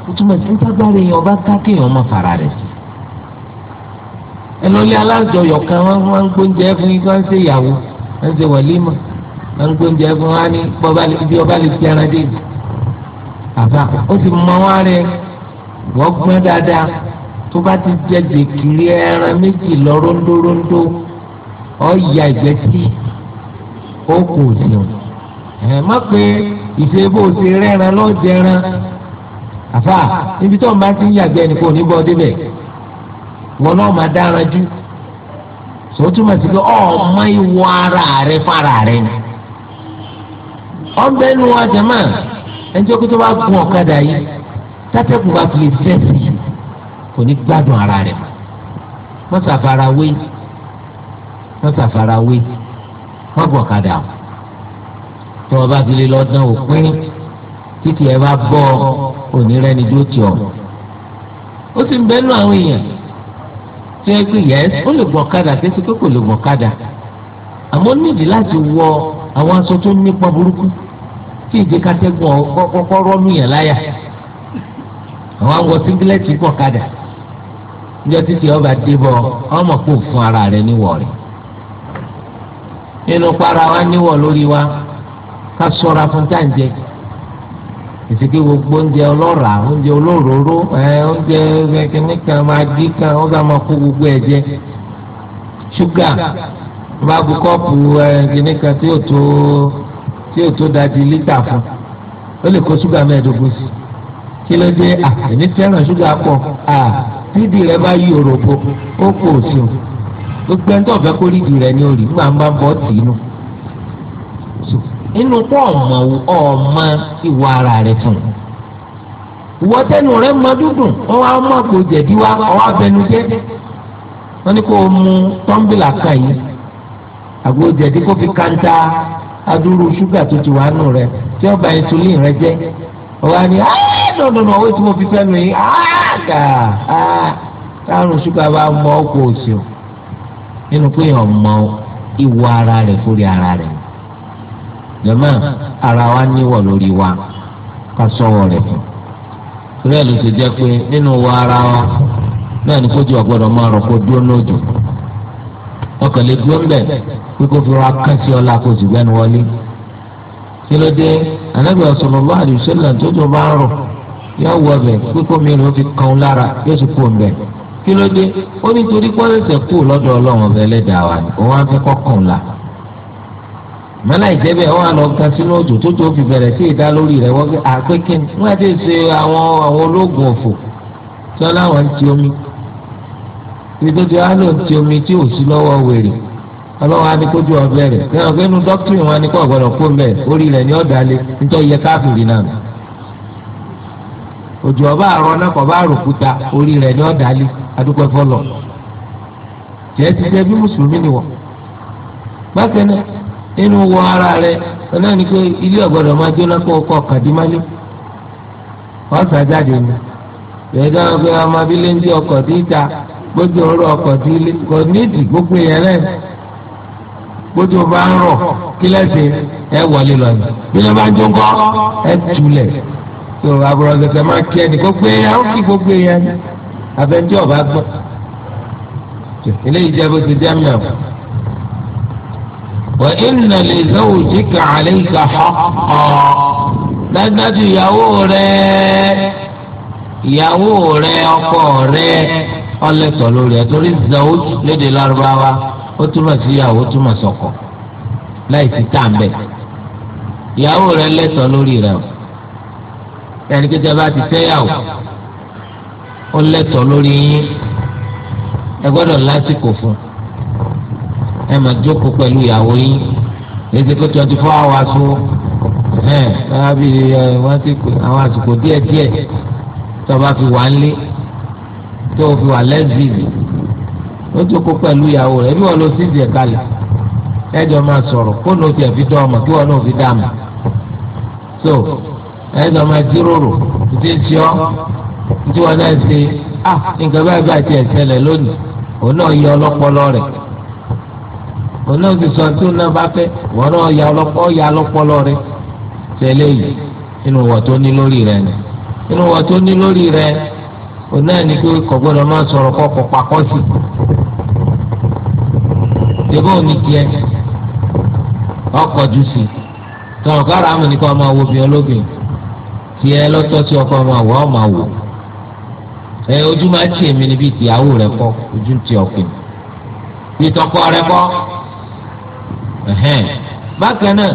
o túmọ̀ sí sábàárẹ̀ yẹn ọba ká kéèyàn má fara rẹ̀ sí. ẹnu ilé alájọyọ̀ kan wọ́n máa ń gbóúnjẹ fún yín kí wọ́n ṣe ìyàwó wọ́n ṣe wàlímà wọ́n ń gbóúnjẹ fún wa ní bí ọba lè fi ara dé ìlú. àbá ó ti mọ wá rẹ wọ́n gbọ́n dáadáa tó bá ti jẹ jèkìrì ẹran méjì lọ róńdó róńdó ọ̀ ya ìgbẹ́ sí i. ó kù òsì ẹ má pé ìṣe bó o ṣe rẹ́ran ló jẹran àfà níbi tó ń bá ti ń yàgbẹ́ nìkan òní bọ́ débẹ̀ wọn náà máa dára jù sọ túmọ̀ sí pé ọmọ ìwọ ara rẹ fara rẹ ni ọbẹ̀ nu ajẹ́mọ́ ẹjọ́ kí tó bá gun ọ̀kadà yìí tátẹ́kùn bá fi lè kò ní gbádùn ara rẹ̀ mọ́ sàfarawé mọ́ sàfarawé. mọ́gbọ̀n kadà tí wọ́n bá fi lè lọ òpin títí ẹ bá bọ́ onírẹ́ni tó tì ó sì ń bẹ́nu àwọn èèyàn tí wọ́n gbé yẹn ó lè gbọ̀n kadà kéṣe pé kò lè gbọ̀n kadà àmọ́ nídìí láti wọ àwọn aṣọ tó nípa burúkú tí ìdí kátẹ́gùn ọ̀kọ́kọ́ rọ́nú yẹn láyà àwọn awọ síngilẹ́tì gbọ̀n kadà níjọ́ títí ọba débọ̀ ọmọ kò fún ara rẹ níwọ̀ rẹ̀ nínú para wa níwọ̀ lórí wa ká sọra fún táǹjẹ ìsìnkú gbogbo oúnjẹ ọlọ́ra oúnjẹ olóróró oúnjẹ kìnnìkan máa dí kan gbogbo ẹ̀ jẹ ṣúgà bá bu kọ́ọ̀pù tí yóò tó tí yóò tó lítà fún ó lè kó ṣúgà mẹ́ẹ̀ẹ́dógún sí kí ló dé fẹ́ràn gbogbo ẹni tó ọ̀fẹ́ kó rí ìrẹ̀ ni orí nígbà máa ń bọ́ tì í nù. inú pọ̀ ọ̀mọ ọ̀mọ ìwà ara rẹ̀ fún ìwọ tẹnu rẹ̀ mọ dúdùn wọn wá mọ àpò jẹ̀dí wá ọwọ́ abẹnú jẹ́ wọn ní kó o mu tọ́ḿbìlà kan yìí àgbo jẹ̀dí kó fi kanta adúrú ṣúgà tó ti wà nù rẹ̀ tí ọba insulin rẹ̀ jẹ́ ọba ni nọ̀nọ̀nọ̀ owó tí mo fi fẹ́ mi àgà àrùn ṣúgà bá mọ ọkọ̀ òsì o nínú pé èèyàn mọ ìwọ ara rẹ̀ fúri ara rẹ̀ jọ̀mọ́ ara wa níwọ̀ lórí wa ká sọ̀wọ́ rẹ̀ fún torí ẹ̀ ló ti jẹ́ pé nínú wọ ara wa náà ní kójú ọ̀gbọ́dọ̀ máa rọ̀ kó dúró lójú ọkàn lè dúró ńbẹ̀ pé kó fi ra kán sí ọlá kó sì gbẹ́nu wọlé kí ló dé Ànábì sallallahu alaihi wasallam tó tó bá ń rọ̀ wọ ọbẹ̀ pé kó mi rò ó fi kàn lára yóò sì kó ń kí ló dé ó ní torí pọ́lẹ́sẹ̀ kú lọ́dọ̀ ọlọ́run ọbẹ̀ ẹlẹ́dàá wa ni òun á fi kọ́kàn la mọ́lá ìjẹ́bẹ̀ ọ́ lọ ga sínú òjò tó tó fi bẹ̀rẹ̀ sí ìdá lórí rẹ̀ wọ́n fi wọ́n ti ṣe àwọn àwọn ológun omi tó ti omi tí ò sí lọ́wọ́ wèrè ọlọ́wọ́ anikójú ọbẹ̀ rẹ̀ inú dọ́kítírì wọn ni kó adúgbò fọlọ jẹ́ ti jẹ́ bí mùsùlùmí ni wọ́ bákan náà nínú wọ ara rẹ ọ̀nà ni pé ilé ọ̀gbọ́dọ̀ máa jóná kó kọ́ kàdímálé ọ̀sà jáde ni bẹ́ẹ̀ dáná pé ọmọ abílẹ̀ ń dí ọkọ̀ tí ń ta gbójú ọ̀rọ̀ ọkọ̀ tí ń lé kò nídìí gbogbo èèyàn náà gbójú bá ń rọ̀ kí lẹ́sìn ẹ wọlé lọ ni bí ló bá ń jókòó ẹ túlẹ̀ tó àbúrò ọ̀sẹ̀ máa kí ẹnì gbogbo èèyàn ó kí gbogbo èèyàn ni abẹ́ntí ọba gbọ́ eléyìí jẹ́ bó ti jẹ́ mẹ́ọ̀. wà ìnà lè zọ́wọ́ jí ká àlẹ́ ìka ọ̀ọ́ dájúdájú ìyàwó rẹ̀ ìyàwó rẹ̀ ọkọ rẹ̀ ọlẹ́tọ̀ lórí ẹ̀ torí zọ́wọ́ lédè lárúbáwá ó túmọ̀ sí ìyàwó túmọ̀ sọ̀kọ̀ láì sí tàǹbẹ̀ ìyàwó rẹ̀ lẹ́tọ̀ lórí rẹ̀ ẹnikẹ́ni bá ti fẹ́ ó lẹ́tọ̀ọ́ lórí yín ẹ gbọ́dọ̀ lásìkò fún ẹ máa jókòó pẹ̀lú ìyàwó yín ètò ìkó twenty four hours ó ẹ ẹ bí wọ́n ti pè àwọn àsìkò díẹ̀díẹ̀ tó bá fi wà ń lé tó fi wà lẹ́sìlì ó jókòó pẹ̀lú ìyàwó rẹ̀ ẹbí wọn ló sì ń jẹ kalẹ̀ ẹjọ́ máa sọ̀rọ̀ kó ló tiẹ̀ fi dán ọmọ kí wọn náà fi dá mọ̀ so ẹjọ́ máa jíròrò títí ń ọ́. tí wọn náà ṣe à nǹkan bá bá tiẹ̀ ṣẹlẹ̀ lónìí òun náà yọ ọlọ́pọlọ rẹ̀ òun náà ti sọ tí òun náà bá fẹ́ wọn náà yọ ọlọ́pọlọ rẹ̀ tẹ́lẹ̀ yìí nínú wọ̀ tó ní lórí rẹ̀ ni nínú wọ̀ tó ní lórí rẹ̀ òun náà ní pé kò máa sọ̀rọ̀ pakọ́ sí ẹ ojú máa tì èmi níbi ìyàwó rẹ kọ ojú ti ọkùnrin bí tọkọ rẹ kọ bákan náà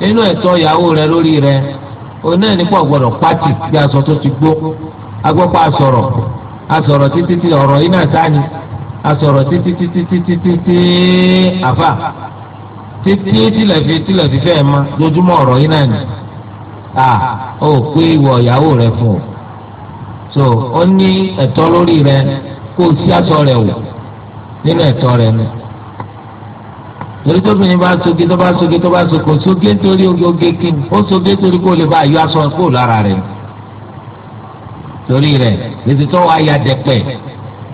nínú ẹ̀tọ́ ìyàwó rẹ lórí rẹ òun náà nípa ọgbọdọ pátì bí aṣọ ti gbó agbọpọ asọ̀rọ̀ asọ̀rọ̀ títí ọrọ ọ̀rọ̀ sáni asọ̀rọ̀ títí títí títí títí àfà títí fẹ́ẹ̀ ma lójúmọ́ ni à ó pé ìwọ ìyàwó rẹ so ó ní ẹ̀tọ́ lórí rẹ kó o sí aṣọ rẹ wò nínú ẹ̀tọ́ rẹ ni torí tóbìnrin bá soge tó bá soge tó bá soge kò soge nítorí oge kíni ó soge torí kó o lè bá yọ aṣọ kó o lára rẹ torí rẹ lèsì tó wàá ya dẹpẹ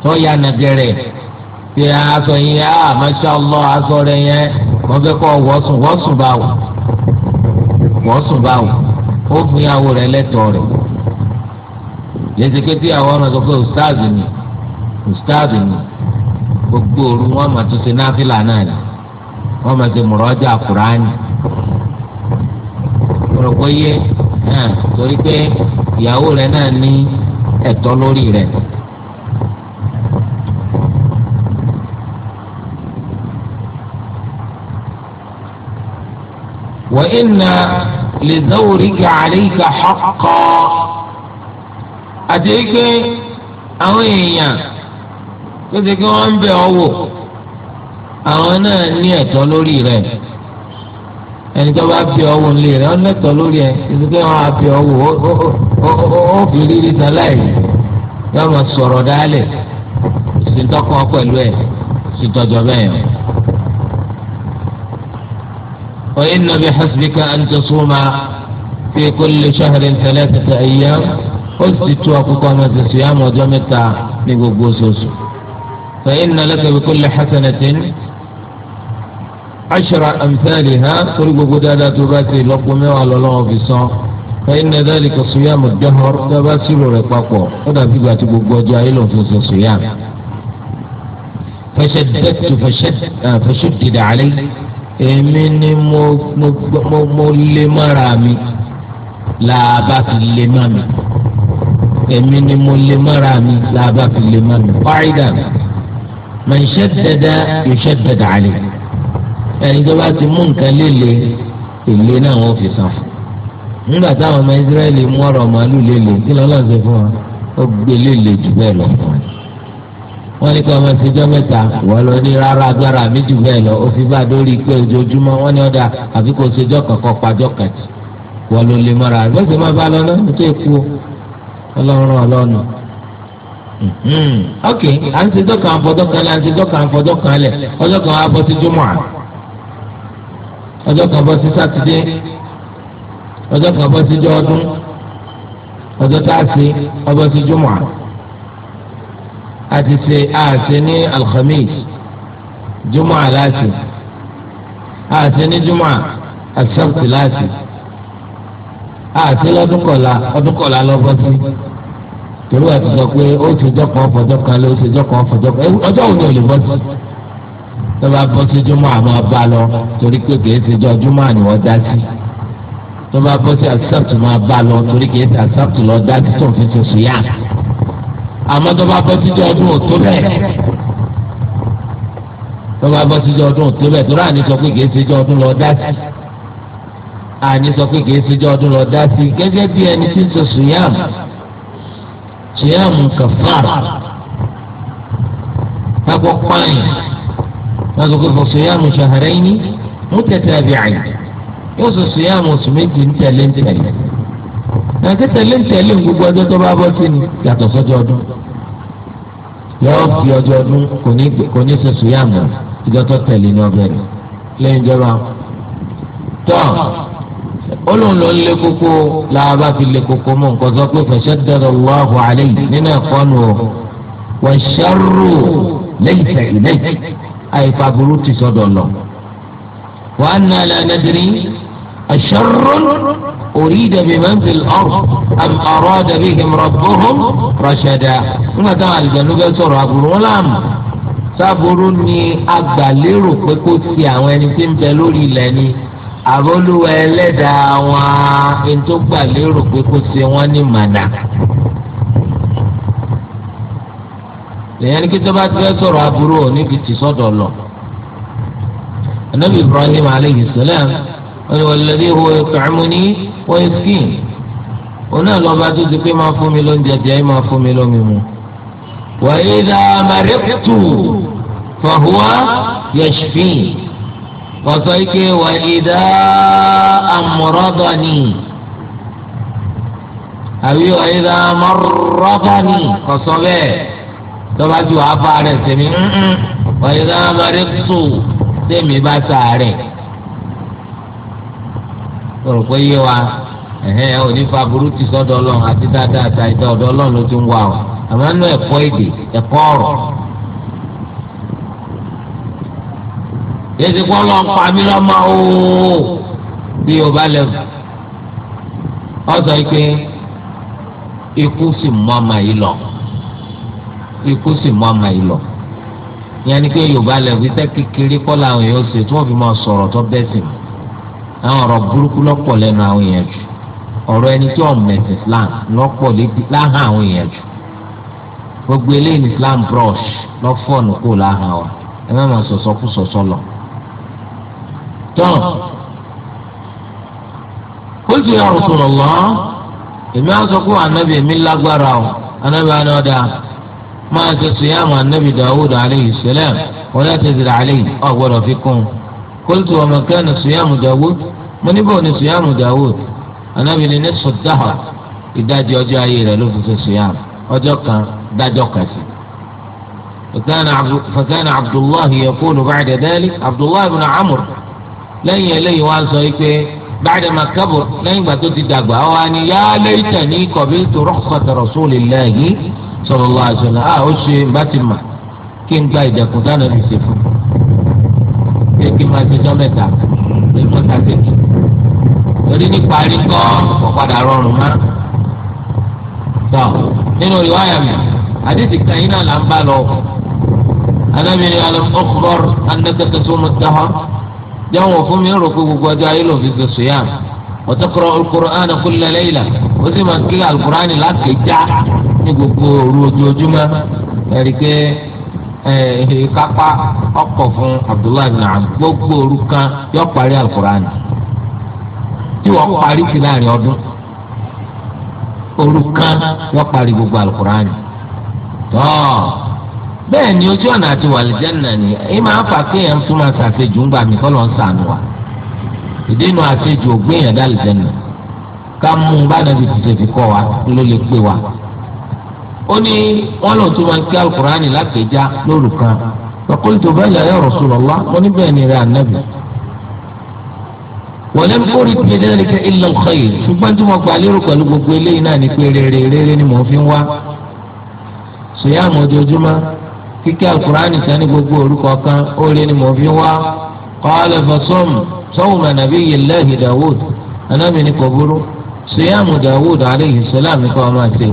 tó ya nàgẹrẹ fi aṣọ yẹn a ah, masha Allah aṣọ rẹ yẹn wọn fẹ kọ wọsùn wọsùn báwò wọsùn báwò ó fún ìyàwó rẹ lẹ́tọ̀ọ́ rẹ yẹn ti pé tí àwọn ọmọ sọ pé ustaazi ni ustaazi ni gbogbo òru wọn máa tún ṣe náfìlà náà ni wọn máa ṣe mùrọ́jà kùránì rògbò yé torí pé ìyàwó rẹ náà ní ẹ̀tọ́ lórí rẹ. وإن لزورك عليك حقا àti ike àwọn èèyàn tó ti kí wọ́n ń bẹ̀ ọ́ wò àwọn náà ní ẹ̀tọ́ lórí rẹ̀ ẹni tó bá bẹ̀ ọ́ wò ń lè rẹ̀ ó lẹtọ lórí ẹ̀ títí pé wọ́n á bẹ̀ ọ́ wò ó fi rírí tán láì yọ ọmọ sọ̀rọ̀ dálẹ̀ sìntọ́kàn pẹ̀lú ẹ̀ sìntọ́jọ́ bẹ́ẹ̀ yẹn. وإن بحسبك أن تصوم في كل شهر ثلاثة أيام ó sì tú ọkùnkọ́ ọmọ ti sùn yàmù ọjọ́ mẹ́ta ní gbogbo oṣooṣù. sẹ́yìn náà lẹ́sẹ̀ bí kò lè hasanẹ̀ tẹ́ ní. aṣọra àmìtẹ́lì hàn torí gbogbo dáadáa tó bá ti lọ́pọ̀ mẹ́wàá lọ́lọ́wọ́ fi san. sẹ́yìn náà dáàlì kò sùn yàmù dọ́họ́r dábàá sílò rẹ̀ papọ̀ ó dàbí ìgbà tí gbogbo ọjọ́ ayé ló ń sùn yàmù. fẹsẹ̀ dẹ́tù fẹsẹ̀ èmi ni mo lè mọ́ra mi làbá fi lè mọ́ mi fáyidà man shaddada yushaddad alayh ẹni tó bá ti mú nǹkan léle èlé náà wọ́n fi san fún nígbà táwọn ọmọ Ísírẹ́lì mú ọ̀rọ̀ màálù léle kí lọ́lọ́ ṣe fún wọn ó gbé léle jù bẹ́ẹ̀ lọ fún wọn wọ́n ní kí ọmọ ìṣèjọ́ mẹ́ta wọ́n lọ ní rárá agbára mi jù bẹ́ẹ̀ lọ ó fi bá dórí pé ojoojúmọ́ wọ́n ní ọ̀dà àfi kò ṣèjọ́ kankan kàtì wọ́n ló lè mọ́ra ọlọ́run ọlọ́nu. Hmm. ok à ń ti dọ́kàn àfọ̀dọ́kàn lẹ̀ à ń ti dọ́kàn àfọ̀dọ́kàn lẹ̀ ọjọ́ kan wà bọ́ sí júmọ̀ à ọjọ́ kan bọ́ sí sátidé ọjọ́ kan bọ́ sí jọ́ọdún ọjọ́ tá a ṣe ọbọ̀ sí júmọ̀ à àti ṣe àṣe ní alhamis júmọ̀ à láti àṣe ní júmọ̀ à àṣàbùtì láti àti lọ́dún kọ̀la ọdún kọ̀la lọ́bọ̀ sí torí wà ti sọ pé ó ti jọ́ kan fọjọ́ kan lé ó ti jọ́ kan fọjọ́ kan ọjọ́ òní ò lè bọ́ sí tó bá bọ́ sí júmọ́ àmọ́ bá lọ torí pé kìí ṣe jọ júmọ́ àníwọ̀ dá sí tó bá bọ́ sí àṣàtù máa bá lọ torí kìí ṣe àṣàtù lọ dá sí tó fi ṣe sùúyà àmọ́ tó bá bọ́ sí jọ ọdún òtó bẹ́ẹ̀ tó bá bọ́ sí jọ ọdún òtó bẹ́ẹ̀ torí àní sọ pé kìí ṣe jọ ọdún lọ dá sí àní sọ pé kìí ṣe jọ ọdún lọ dá sí gẹ́gẹ́ bí ẹni tí ń sọ sùyàm sùyàm kàfàrà kápọ̀ pààyàn wọ́n sọ pé fọ sùyàm shahrayni mutatabi'ayn yóò sọ sùyàm oṣù méjì ń tẹ̀lé ń tẹ̀lé nàkí tẹ̀lé ń tẹ̀lé gbogbo ọjọ́ tó bá bọ́ sí ni yàtọ̀ sọ́jọ́ ọdún yọ̀ọ́ fi ọjọ́ ọdún kò ní sọ sùyàm ìjọ tó tẹ̀lé ní ọbẹ̀ rẹ̀ lẹ́yìn ìjọba tọ́ olóhùn ló ń lé koko làbá fi lé koko mọ nǹkan sọ pé fẹsẹ̀ dẹ̀rọ̀ wáhù alẹ́ yìí nínú ẹ̀kọ́ nù ọ́ wọ́n ṣẹ́rù lẹ́yìn tẹ̀yìn lẹ́yìn àyíká burú ti sọ̀dọ̀ lọ. wọ́n á nà lẹ́nu dirí ẹ̀ṣẹ́rù orí dàbí mẹ́fìl ọ̀rọ̀ ọ̀rọ̀ dàbí ìmọ̀ràn rọ̀ṣẹ̀dá nígbà táwọn àlùjẹ̀nu bẹ́ẹ̀ sọ̀rọ̀ àbúrò wọn láàmú sábúrú ni agbàlérò pé kó ti àwọn ẹni tí ń bẹ lórí ilẹ̀ ni àbólúwa ẹlẹ́dàá wọn ẹni tó gbà lérò pé kó ṣe wọ́n ní mànà. lèyìn ní kí tó bá ti fẹ́ sọ̀rọ̀ aburú ò ní fi tì sọ́dọ̀ lọ. anabi ibrahim aleyhi salam wọ́n wọ́n lè rí ihò ìkàmú ní wẹ́skìn. òun náà lọ́ba tó ti pé máa fún mi lóúnjẹ jẹ́ máa fún mi lómi mu. wàyí dàá màrẹ́kùtù fọ̀hùwà yẹ̀ṣfìn kọsọ ike wà ìdá amúrọ́dọ̀nì àbí wà ìdá amúrọ́dọ̀nì kọsọ bẹ́ẹ̀ tọ́ba ju àbá rẹ̀ sẹ́mi wà ìdá amúrẹ́tù sẹ́mi bá sàárẹ̀ kọ̀rọ̀ pé yé wa ẹ̀hẹ́n òní fa sọ́dọ̀ ọlọ́run àti dáadáa ta ìdá ọ̀dọ̀ ọlọ́run ló ti ń wà o àmọ́ nínú ẹ̀kọ́ èdè ẹ̀kọ́ ọ̀rọ̀. yéésì kó lọ ń pa mí lọ́mọ o bí o bá lẹ̀ ọ sọ pé ikú sì mú ọmọ yìí lọ ikú sì mú ọmọ yìí lọ ìyẹn ni pé yorùbá lẹ́wọ̀ iṣẹ́ kékeré kọ́ làwọn èèyàn ṣe tí wọ́n fi máa sọ̀rọ̀ tó bẹ́ẹ̀ sì mọ́ àwọn ọ̀rọ̀ burúkú lọ́pọ̀ lẹ́nu àwọn èèyàn jù ọ̀rọ̀ ẹni tí wọ́n mẹ̀sìn Islam lọ́pọ̀ láhàn àwọn èèyàn jù gbogbo eléyìí Islam brush lọ́fọ̀ọ̀nù kò láhàn wa ẹ má máa sọ̀sọ́ kú sọ̀sọ́ lọ tán ó sì yà Rasulullah èmi á sọ fún anabi èmi lágbára o anabi àná ọ̀dà máa ṣe sùyàmù anabi Dawud alayhi salam wa la tazid alayhi ọ̀gbọ́dọ̀ fi kún un qultu wa ma kana sùyàmù Dawud mo níbò ní sùyàmù Dawud anabi ní ní sùdáhà ìdajì ọjọ́ ayé rẹ̀ ló fi ṣe sùyàmù ọjọ́ kan dájọ́ kan فكان عبد الله يقول بعد ذلك عبد الله بن عمرو lẹ́yìn eléyìí wọ́n á sọ yìí pé báyìí ma kábò lẹ́yìn ìgbà tó ti dàgbà ọ́ wa ni yá lẹ́yìn ní kọ̀bí tó rọ́kọ̀tà rọ̀súlì lẹ́yìn sọ̀rọ̀ lọ́wọ́ àṣọlá a ó ṣe bá ti mà kí n gba ìjẹ̀kùn dáná fi ṣe fún mi kí n máa ṣe jọ́ mẹ́ta ní mọ́tà tẹ̀kì torí ní parí kọ́ padà rọrùn má. tọ́ nínú ìwáyà mi àdìsí kan náà là ń bá lọ. anábìrin alẹ́ ọkùnrin anẹ́kẹ́kẹ́ jáwọn òfin mi ń rò pé gbogbo ọjọ́ ayé ló fi ṣe sùyàm ọ̀tọ́kọ̀rọ̀ alukur'an kulla layla ó sì máa ń kílẹ̀ alukur'an láti já ní gbogbo òru ojoojúmọ́ ẹ̀rí pé kápá ọkọ̀ fún abdullahi naam gbogbo òru kan yọ parí alukur'an tí wọ́n parí sí láàrin ọdún òru kan yọ parí gbogbo alukur'an tọ́ọ̀ bẹ́ẹ̀ ni ojú ọ̀nà àti wàlìjẹ́nà ni èyí máa ń fà pé èèyàn tún máa ṣàṣejù ń gbà mí kọ́ lọ́n sànù wa ìdènà àṣejù ògbé èèyàn dá àlìjẹ́nà ká mú un bá nàbì tètè fi kọ́ wa ló lè pé wa. ó ní wọ́n lòun tún máa ń kí alukur'ani lápèjá lóru kan lọ́kùnrin tó bá yàrá Rasulullah mo ní bẹ́ẹ̀ ni rẹ̀ ànábì. wọ́n lé kórè tí ẹ̀dẹ́ rẹ̀ kẹ́ yìí ṣùgbọ́n tí mo kíkẹ́ alukur'ani sani gbogbo orúkọ kan ó lé ní mọ̀fí wá qala fasum sawma nabiyyillahi dawud anábìíní kò burú siyamu dawud aleyhi salam kọ́ ọmọ àti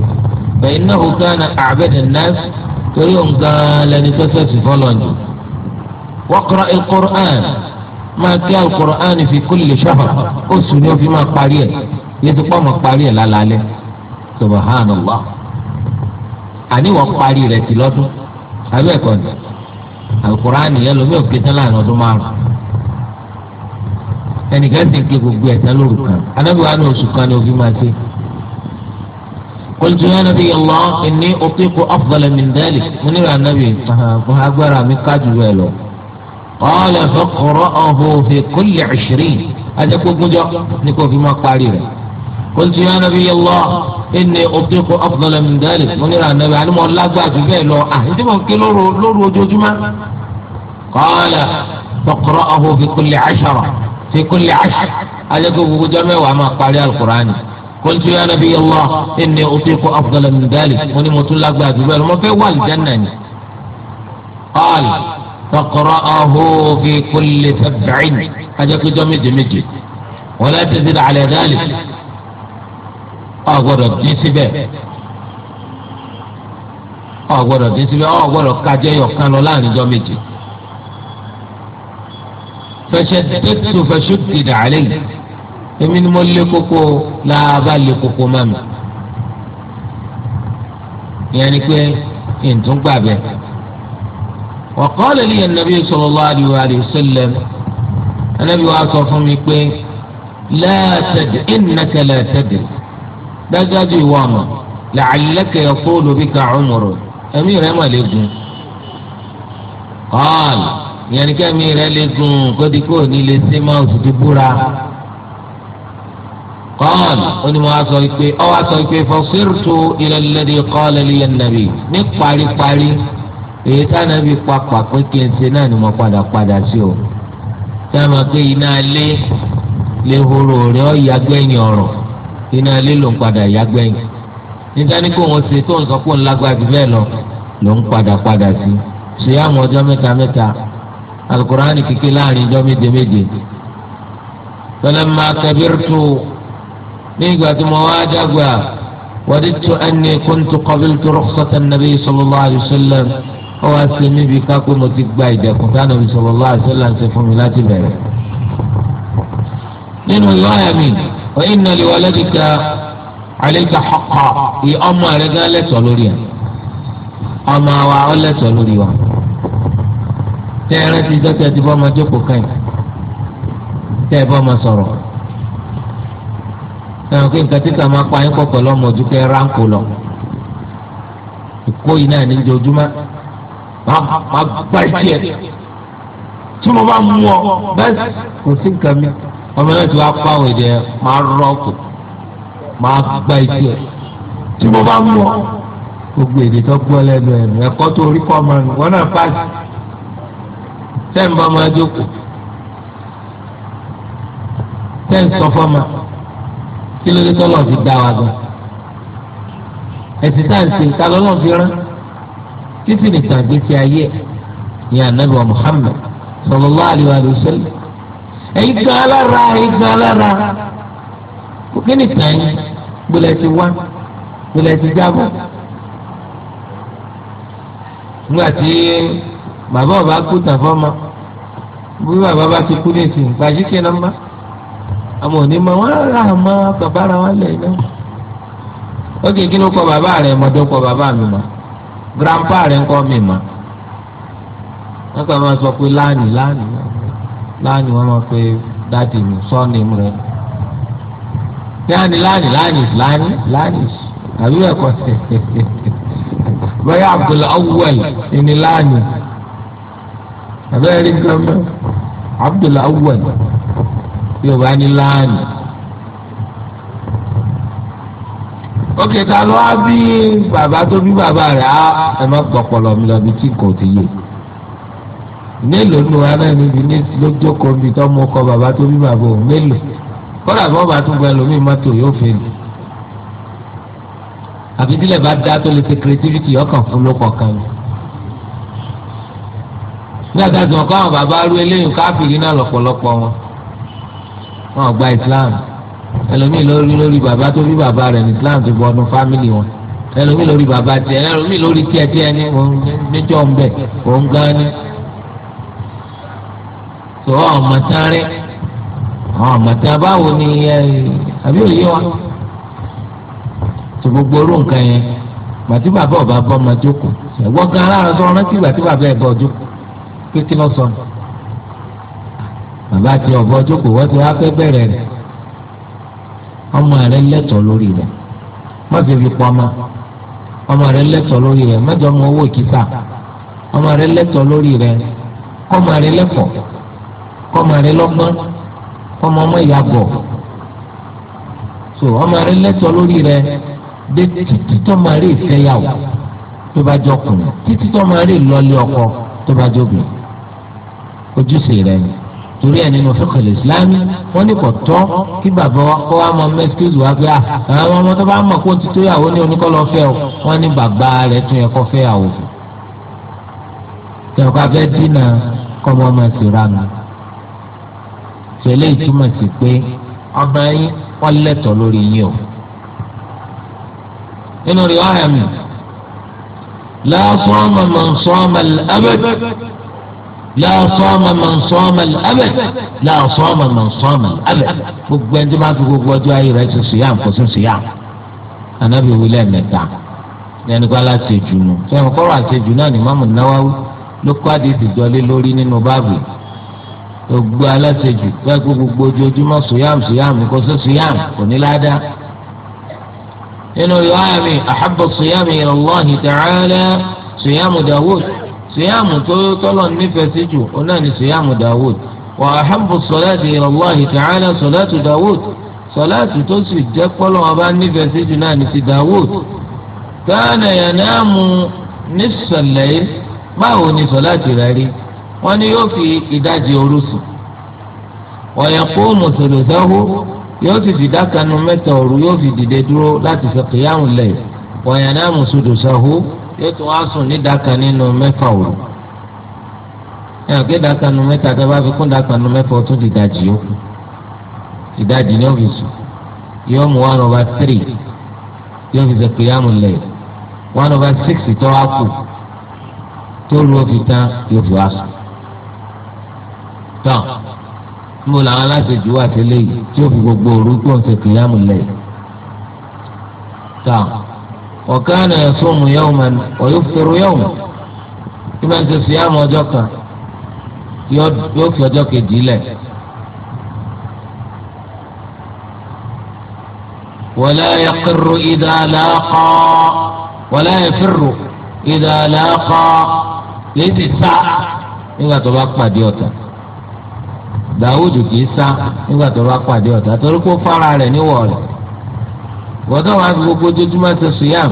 fa innahu kana a'badan nas torí òǹkà lẹni tọ́tọ́ sí fọlọ́njì. waqra al-Qur'an máa kí al fi kulli shahr oṣù ni ó fi máa parí ẹ̀ yẹ ti pọ́ ọmọ parí ẹ̀ lálálẹ́ subhanallah àníwọ̀ parí rẹ̀ ti lọ́dún abẹ́ ẹ̀kọ́ ni alukur'ani yẹn lomi òkè tán láàrin ọdún márùn ẹnìkan sì ń ké gbogbo ẹ̀ tán lóru kan anábì wa ní oṣù kan ni òfin máa ṣe. قلت يا نبي الله إني أطيق أفضل من ذلك من يرى النبي فهاجر من كاجوالو قال فاقرأه في كل عشرين هذا كوكو نكو في ما قاريره قلت يا نبي الله إني أطيق أفضل من ذلك من يرى النبي عليه الصلاة والسلام قاعد في لو أهدي ممكن لورو لورو جوجما قال فاقرأه في كل عشرة في كل عشر أجاكم جمع وما قال القرآن قلت يا نبي الله إني أطيق أفضل من ذلك من مطلع قاعد في ما في والجنة قال فاقرأه في كل سبع أجاكم جمع جمع ولا تزيد على ذلك ọ gbọ́dọ̀ dín síbẹ̀ ọ gbọ́dọ̀ dín síbẹ̀ ọ gbọ́dọ̀ kájẹ yọkan lọ láàrin jọ méje fẹsẹ̀ tètè fẹsẹ̀ tètè àlẹ yìí èmi ni mo lé koko làbá lé koko má mi ìyẹn ni pé ntún gbà bẹ wàkọọlẹ lìyẹn nàbí sallallahu alaihi wasallam anabi wa sọ fún mi pé láàtẹdì ẹnìnàkẹlẹ tẹdì dájúdájú ìwọ ọmọ làálẹ́kẹ̀ ẹ̀fọ́ olóbi ka ọmọrò ẹ̀mí rẹ̀ mà lè gùn. kọ́ọ̀lù ìyẹn ní kẹ́mi rẹ̀ lè gùn kódìkó ní lè ṣe máa oṣù tó búra. kọ́ọ̀lù onímọ̀ aṣọ ìpè ọwọ́ aṣọ ìpè fọ́sírùtù ìrẹ̀lẹ́dì kọ́ọ̀lù ẹ̀lẹ́yẹ̀ nàbì ní paríparí èyí tánàbí papà pé kí n ṣe náà ni mo padà padà sí o. sáà pé iná alé lè horò rẹ̀ ọ̀ iná lílo ń padà yá gbẹ̀yìn níta ní kó wọn ṣe tó ń sọ pé ń lágbára jù bẹ́ẹ̀ lọ ló ń padà padà sí ṣe àwọn ọjọ́ mẹ́ta mẹ́ta alukur'ani kìkì láàrin ọjọ́ méje méje falamma kabirtu ní ìgbà tí mo wá dàgbà wadidtu anni kuntu qabiltu rukhsata an-nabi sallallahu alayhi wa sallam wá sí mi bí kápẹ́ mo ti gba ìdẹ̀kùn táwọn nabi sallallahu alayhi ṣe fún mi láti bẹ̀rẹ̀ nínú ìwáyà mi wa inna li waladika alayka haqqan ìyá ọmọ rẹ gán lẹ́tọ̀ọ́ lórí ẹ̀ ọmọ wa ọ lẹ́tọ̀ọ́ lórí wa tẹ́ ẹ rántí dọ́tẹ́ ti bọ́ ọmọ jókòó kan yìí tẹ́ ẹ bọ́ ọmọ sọ̀rọ̀ ẹ̀hàn kí nǹkan títà máa pa yín pọ̀pọ̀ lọ́mọ ojú kẹ́ ránkò lọ ìkó yìí náà ní ojoojúmọ́ máa gbá ìdí ẹ̀ tí mo bá mú ọ bẹ́ẹ̀ kò sí nǹkan mi ọmọ náà ti wá pa àwọn èdè máa rọ́ọ̀kù máa gba ìdí ẹ̀ tí mo bá mú ọ gbogbo èdè tó gbọ́ lẹ́nu ẹ̀nu ẹ̀kọ́ tó orí kọ́ máa nù wọ́n náà pàṣẹ sẹ́yìn bá máa jókòó sẹ́yìn sọ fọ́mà kí ló dé tọ́lọ̀ fi dá wa gan ẹ̀sìn tá à ń ṣe fi rán títí nìkan gbèsè ayé ìyá anábìwá Muhammad sallallahu alaihi wa sallam. ẹ̀yin gan alára ẹ̀yin gan alára kò kí ni tàn ti wá gbọ́dọ̀ ti jábọ̀ nígbà tí bàbá ọba kú tàn fọ́mọ bí bàbá bá ti kú nísìn gbàjú kí nọ́mbà àmọ́ òní ma wọ́n rà mọ́ bàbá ara wọn Oge náà ó kì í kí ló kọ bàbá rẹ̀ mọ́tò kọ bàbá mi ma grandpa rẹ̀ ń kọ́ mi mọ́ wọ́n máa sọ láàánì wọn máa pe dáàdì mi sọ́ọ̀nì mi rẹ̀ láàánì láàánì láàánì láàánì láàánì àbí ẹ̀kọ́ tẹ̀ bẹ́ẹ̀ Abdul Awwal ni láàánì àbẹ́rẹ́ rí nǹkan mọ́ Abdul Awwal yóò bá ní láàánì. ókè ta ló wá bí bàbá tó bí bàbá rẹ̀ á ẹ̀ má gbọ́pọ̀lọ́ mi tí kò ti yé mélòó ni wàá náà níbi ní lójó kan bíi tó mú ọkọ bàbá tó bí bàbá òun mélòó kọ́dà bọ́ bá tún gba ẹlòmíì mọ́tò yóò fẹ́ lù. àfi tílẹ̀ bá dá tó lè ṣe creativity ọkàn fún lóko kan ni. ní àtàtì wọn àwọn bàbá arú eléyìí káfíìrì náà lọ́pọ̀lọpọ̀ wọn. wọn gba Islam ẹlòmíì lórí lórí bàbá tó bí bàbá rẹ̀ ní Islam ti bọ́nu fámìlì wọn ẹlòmíì lórí bàbá tiẹ̀ ẹlòmíì lórí tiẹ̀ tiẹ̀ ní òun méjọ́ ń bẹ̀ Sọ ọmọ tán rí ọmọ tán ni ẹ àbí òye wa tó gbogbo orú nǹkan yẹn gbàtí bàbá ọba bọ́ ọmọ jókòó ẹ̀gbọ́n gan aláàrọ̀ sọ rántí gbàtí bàbá ẹ̀ bọ́ jókòó kékeré lọ sọ bàbá ti ọ̀bọ jókòó ti wá fẹ́ lórí rẹ, má fi fi ọmọ ọmọ lórí rẹ, má jọ ọmọ owó ìkísà ọmọ lórí rẹ, ọmọ kọ́mọ rẹ lọ́gbọ́n kọ́mọ ọmọ ìyá bọ̀ so ọmọ rẹ lẹ́tọ̀ọ́ lórí rẹ dé títí tọ́mọ rẹ ìfẹ́yàwó tó bá jọ kùnà títí tọ́mọ rẹ lọ́lé ọkọ tó bá jọ bìnrin ojúṣe rẹ ni torí ẹ nínú fẹkọọ ìsìlámù wọn ní kò tọ́ kí bàbá wa kọ àmọ mẹsíkìsì wa pé àwọn ọmọ tó bá mọ kó ti tó yàwó ní oníkọlọ fẹ́ o wọn ní bàbá rẹ tún yẹ kó fẹ́ yàwó fún kẹwàá dínà kọmọ ọmọ ìsìlámù tẹ̀lé ìtumọ̀ sí pé ọba yín wọ́n lẹ́tọ̀ọ́ lórí yín o. nínú rí ọ̀hà mi láàfọ́ ọmọ mọ̀ nsọ́ ọmọ abẹ́ láàfọ́ ọmọ mọ̀ nsọ́ ọmọ abẹ́ láàfọ́ ọmọ mọ̀ nsọ́ ọmọ abẹ́ gbogbo ẹni tó bá fi gbogbo ọjọ́ ayé rẹ̀ ṣe sùyà kò sí sùyà anábì wílẹ̀ mẹ́ta ẹni kó aláṣẹ jù nù sẹ́wọ̀n kọ́rọ̀ àṣejù náà ni mọ́mù náwáwí ló kọ́ àdéhùn ìjọlé lórí nínú báàbù yìí gbogbo aláṣejù gbàgbé gbogbo ojoojúmọ́ sùyàm sùyàm kò sí sùyàm kò ní ládàá. nínú riwaya mi ahabba sùyàm ila Allah ta'ala sùyàm Dawud sùyàm tó tọ́lọ̀ nífẹ̀ẹ́ sí jù ọ̀nà ni sùyàm Dawud wa ahabbu salati ila Allah ta'ala Dawud salatu tó sì jẹ́ pọ́lọ́ ọba nífẹ̀ẹ́ sí jù náà ni ti Dawud. kana yanamu nisfal layl báwo ni salati rẹ̀ rí? wọ́n ní yóò fi ìdajì òru sùn ọ̀yàn fóònù tòlòsẹ́wó yóò sì fi dákanu mẹ́ta òru yóò fi dìde dúró láti ṣe kìyàmù lẹ̀ ọ̀yàn náà mùsùlùsẹ́wó yóò tún wá sùn ní dákan nínú mẹ́fà òru ẹ̀yàn kí dákanu mẹ́ta tó bá fi kún dákanu mẹ́fà ó di ìdajì yòókù ìdajì ni ó fi sùn yóò mú one over three yóò fi ṣe kìyàmù one over six tó wá kù tó lu òfin yóò fi wá sùn tán níbo làwọn aláṣejù wà tẹ́lẹ̀ yìí tí ó fi gbogbo òru tó ń ṣe kìyàmù lẹ̀ tán ọ̀kan yasumu yawman wa yuftiru yawman tí wọ́n ti fi àmọ́ ọjọ́ kan yóò fi ọjọ́ kejì lẹ̀. wala yaqirru idha laqa wala yafirru idha laqa lè sá nígbà tó bá pàdé ọ̀tá. dàwùdù kì í sá nígbà tó bá pàdé ọ̀tá torí kó fara rẹ̀ níwọ̀ rẹ̀ wọ́tọ̀ wá fi gbogbo ojoojúmọ́ ṣe sùyàm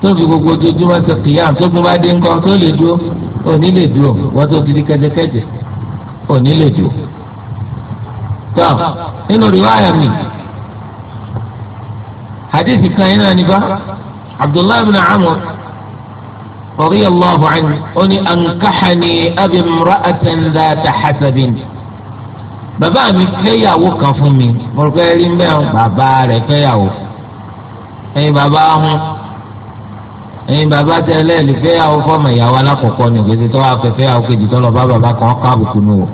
tó fi gbogbo ojoojúmọ́ ṣe kìyàm tó fi bá dé ńkọ tó lè dúró òní lè dúró wọ́tọ̀ gidi kẹjẹkẹjẹ òní lè dúró. tọ́ nínú rìwáyà mi hadithi kan yín náà bá abdullahi bin amr ankaxani bàbá mi fẹ́yàwó kan fún mi mo rò pé rí bẹ́ẹ̀ ń bàbá rẹ̀ fẹ́yàwó ẹ̀yin bàbá hun ẹ̀yin bàbá tẹ lẹ́ẹ̀lì fẹ́yàwó fọmọ ìyàwó alákọ̀ọ́kọ́ ni gbèsè tó wà fẹ́ fẹ́yàwó kejì tó lọ bá bàbá kan ká àbùkù nù o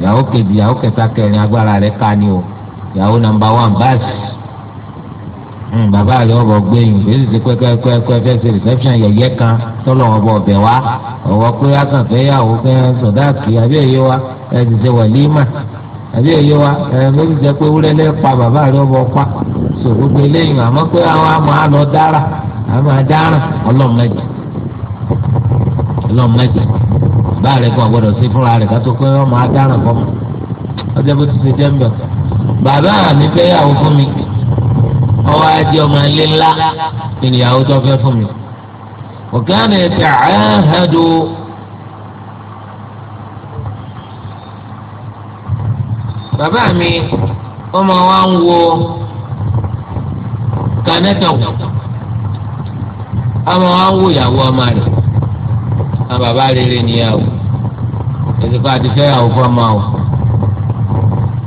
ìyàwó kejì ìyàwó kẹta kẹrin agbára rẹ̀ ká ni o ìyàwó nàmbà wán báàsì hmm, bàbá rẹ̀ ọ̀bọ̀ gbẹ̀yìn gbèsè ti pẹ́ẹ́pẹ́ẹ́pẹ́ fẹ́ ṣe reception yẹ̀yẹ́ kan tọ́lọ̀ wọn bọ̀ ọ̀bẹ̀ wá ọ̀wọ́ pé akànfẹ́ yàwó fẹ́ sọ̀dáàkì àbí ẹ̀yẹ wa ẹ̀ ti ṣe wàlímà àbí ẹ̀yẹ wa ẹ̀ ló ti jẹ́ pé wúlẹ́lẹ́ pa bàbá rẹ̀ ọ̀bọ̀ pa sọ gbogbo eléyìí àmọ́ pé àwọn àmọ́ àlọ́ dára àmọ́ àdára ọlọ́mọdé ọlọ́mọdé bá rẹ̀ kọ́ gbọ́dọ̀ sí fúnra rẹ̀ kátó pé ọmọ adára kọ́ mọ́ ọjọ́ bó ti ṣe jẹ́ mbẹ́ bàbá mi وكان يتعاهد bàbá mi ọmọ wa ń wo kanẹ́tọ̀ ọmọ wa ń wo ìyàwó ọmọ rẹ̀ na bàbá rere níyàwó ètùkọ́ àdìfẹ́ ìyàwó fọ́ọ̀mà o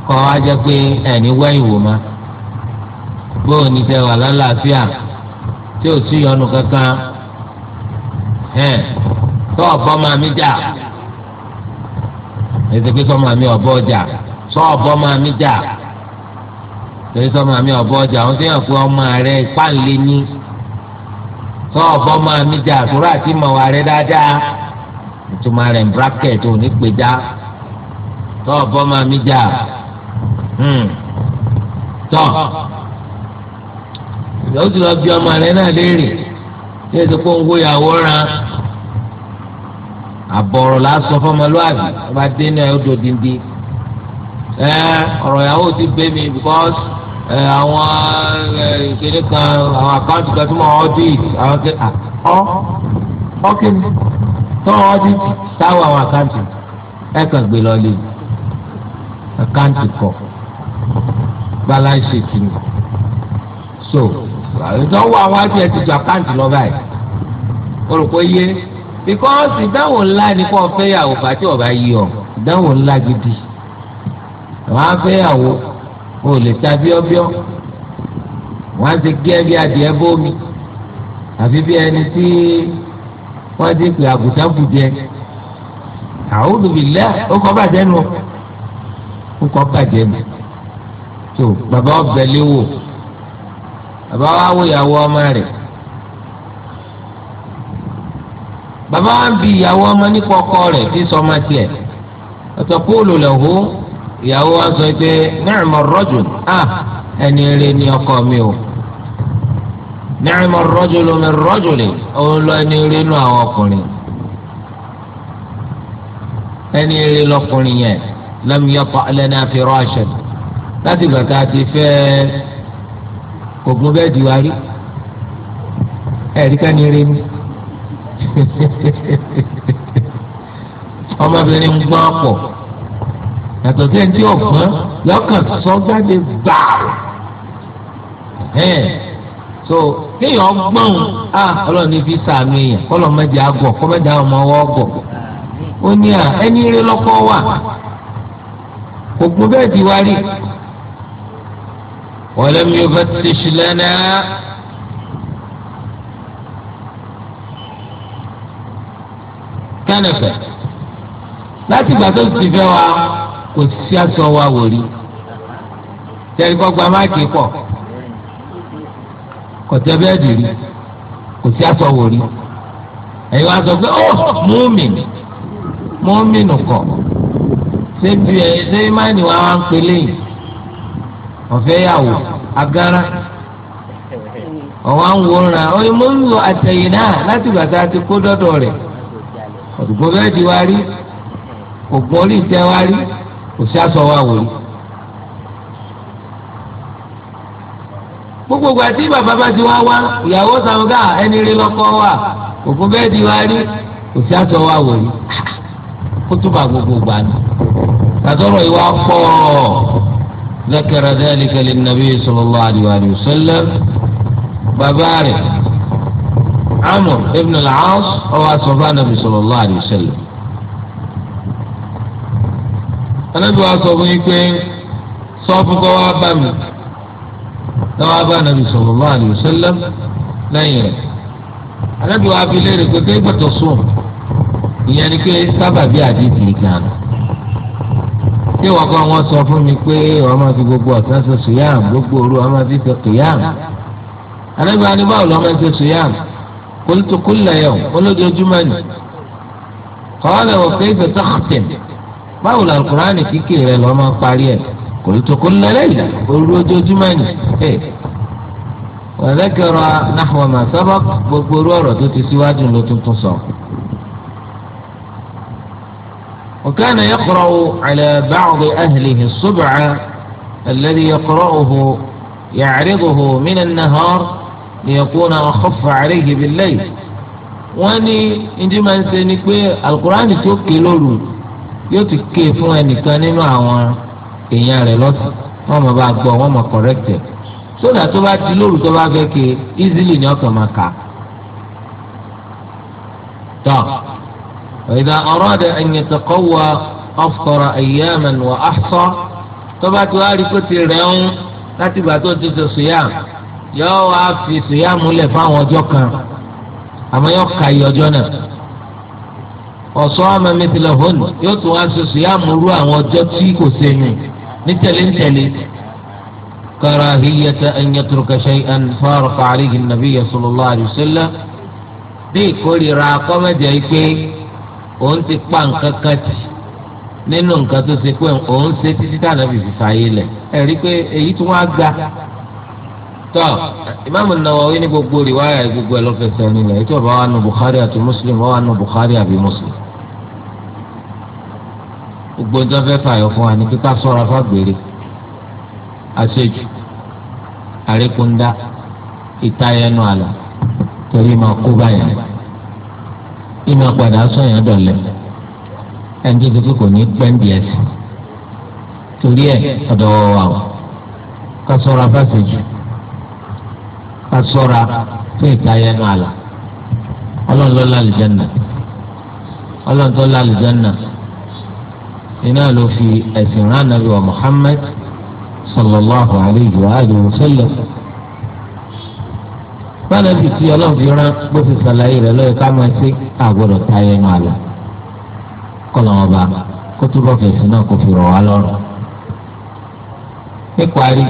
kọ́ wa jẹ́ pé ẹ̀ní wẹ́yìn wò má bóun ní tẹ wà lálàáfíà tí ò sí yọnu kankan tó ọ̀bọ máa mi jà ètò pé kọ́ máa mi ọ̀bọ jà tó ọ̀bọ máa mi jà torí tó máa mi ọ̀bọ jà àwọn tó yàn fún ọmọ rẹ páńlé ní tó ọ̀bọ máa mi jà àtúrò àti ìmọ̀wá rẹ dáadáa ìtumọ̀ rẹ̀ ń bracket ò ní pè máa mi jà hmm. tó ó ti lọ bí ọmọ rẹ náà léèrè yéé ti kó ń gbó ìyàwó ràn àbọ̀rọ̀ lásán fọmọlúwàbí wọ́n bá dé náà yóò dòdìndín ẹ ọ̀rọ̀ ìyàwó ti gbé mi because ẹ àwọn ìkéde kan àwọn àkáǹtì kan tí mo audit àwọn ké ọ ọkè mi tó audit táwọn àwọn àkáǹtì ẹ kàn gbé lọ lé àkáǹtì kọ balance sheet ni so ìdánwò àwọn àti ẹ̀ ti ju àkáǹtì lọ báyìí o rò pé yé because ìdánwò ńlá ni kò fẹ́ yàwó bàtí ọ̀bá yí ọ ìdánwò ńlá gidi àwọn afẹ́yàwó o lè ta bíọ́bíọ́ wọ́n á ti gé bí adìẹ bómi àfi bí ẹni tí wọ́n ti pè àgùntàn bùjẹ a'udhu billahi ó kọ́ bàjẹ́ nu ó kọ́ bàjẹ́ nu tó bàbá ọbẹ̀ léwò bàbá wa wo ìyàwó ọmọ rẹ̀ bàbá wa ń bi ìyàwó ọmọ nípa ọkọ rẹ̀ tí sọmọ tiẹ̀ ọ̀tọ̀ póòlù lẹ̀hó ìyàwó wa sọ pé ni'ma ar-rajul à ẹni rẹ ni ọkọ mi o ni'ma ar-rajul min rajuli òun lọ ẹni rẹ nù àwọn ọkùnrin ẹni rẹ lọkùnrin yẹn lam yata' lana firashan láti gbàtà ti fẹ́ẹ́ kò gun bẹ́ẹ̀dì wa rí ẹ̀rí kẹ́ni rí ni ọmọbìnrin ń gbọ́n pọ̀ yàtọ̀ sí ẹni tí ò gbọ́n lọ́kàn sọ jáde gbàù so kéèyàn gbọ́n a ọlọ́ọ̀ni fi sàánú èèyàn kọ́lọ́ mẹ́jẹ àgọ̀ kọ́mẹ́jẹ ọmọ ọwọ́ ọgọ̀ ó ní à ẹni rí lọ́kọ́ wà kò gun bẹ́ẹ̀dì wa rí. ولم يفتش لنا kẹ́nẹ̀fẹ̀ láti ìgbà tó ti fẹ́ wa kò sí aṣọ wa wò rí tẹ́lẹ̀ gbọ́gba máàkì pọ̀ kò tẹ́ bẹ́ẹ̀dì rí kò sí aṣọ wò rí ẹ̀yin wa sọ pé ó oh, múmi múmi nìkan ṣé bí ẹ ṣé imáìnì wa wá ń pelé yìí ọ̀fẹ́ yàwó agárá ọ̀wá ń wòran ọ̀yẹ́ mo ń náà láti gbà tá a ti kó dọ́dọ̀ rẹ̀ ọ̀dùnkún bẹ́ẹ̀ di wá rí ògùn orí ìtẹ́ wá rí kò sí aṣọ wa wò rí. gbogbo ìgbà tí bàbá bá ti wá wá ìyàwó sàmúgà ẹni rí lọ́kọ́ wà ògùn bẹ́ẹ̀ di wá rí kò sí aṣọ wa wò rí kó tó bá gbogbo gbà ní. tàtọ́rọ̀ ìwà pọ̀ ọ́. ذكر ذلك للنبي صلى الله عليه وآله وسلم ببارك عمر ابن العاص هو أصفى النبي صلى الله عليه وسلم أنا دعا صفيك صفوا قوابا قوابا النبي صلى الله عليه وسلم لا أنا دعا في ليرك كيف تصوم يعني كيف سبب يا في كانت ṣé wọ́n kọ́ wọn sọ fún mi pé wọ́n máa fi gbogbo ọ̀sán ṣe sùyàm gbogbo òru wọ́n máa fi ṣe sùyàm anábì aníbáwò lọ́ máa ṣe sùyàm kólító kólà yẹn olójoojúmọ́ ni kọ́lẹ̀ òkè ìfẹ́ tọ́kùtìm báwo la alukur'ani kíkì rẹ lọ́ máa parí ẹ̀ kólító lẹ́yìn òru ni wọ́n lẹ́kẹ̀rọ náà wọ́n máa sábà gbogbo òru ọ̀rọ̀ tó ti síwájú ló tuntun sọ. وكان يقرأ على بعض أهله الصبع الذي يقرأه يعرضه من النهار ليكون أخف عليه بالليل wọ́n ní ndí máa ń ṣe ni pé alukurani tó ké lóru yóò ti ké fún ẹnìkan nínú àwọn èèyàn rẹ̀ lọ́sàn wọ́n máa bá gbọ́ wọ́n máa kọ̀rẹ́kítẹ̀ sódà tó bá ti lóru tó bá fẹ́ ké easily ni ọkàn máa kà á. وإذا أراد أن يتقوى أفطر أياما وأحصى تبعت ألف تيريون لا تبعت ألف صيام يو في صيام لفا وجوكا أما يوكا يا يوجونا وصام مثلهن يطوى أسو صيام روا وجوكيكو سيني مثل انتل كراهية أن يترك شيئا فارق عليه النبي صلى الله عليه وسلم دي كل راقم جايكي òun ti pa nǹkan kan tì nínú nǹkan tó ṣe pé òun ṣe títí tànàbì fìfà yé lẹ̀ ẹ̀ rí i pé èyí tí wọ́n á gba tọ́ ìmáàmù Nawawi ní gbogbo rìwáyà gbogbo ẹ̀ lọ́fẹ̀ẹ́sẹ̀ nílẹ̀ ètò ọba wa nù Bukhari àti Muslim wa nù Bukhari àbí Muslim gbogbo ń tán fẹ́ fún wa ní kíkà sọ́ra fàgbèrè àṣejù àríkúndá ìtayẹnu àlà torí máa kó báyìí ìmọ̀ àpàdé asọ̀yàn dọ̀lẹ́ ẹni tó ti kò ní pẹ́ńbì ẹ̀sìn torí ẹ̀ ọ̀dọ̀ wà wà ká sọ̀rọ̀ abáṣejù ká sọ̀rọ̀ fún ìtayẹnu àlà ọlọ́run ló lálùjẹ́nà ọlọ́run tó lálùjẹ́nà iná ló fi ẹ̀sìn rán nàbí wa Muhammad sallallahu alayhi wa sallam báyọ̀ bí ti ọlọ́run fi rán bó fi sàlàyé rẹ̀ lọ́yẹ̀ ká máa ṣe àgbọ̀dọ̀ ta ẹnu àlà kọ́lọ̀ ọba kó túbọ̀ fèsì náà kó fi rọ̀ wá lọ́rùn. níparí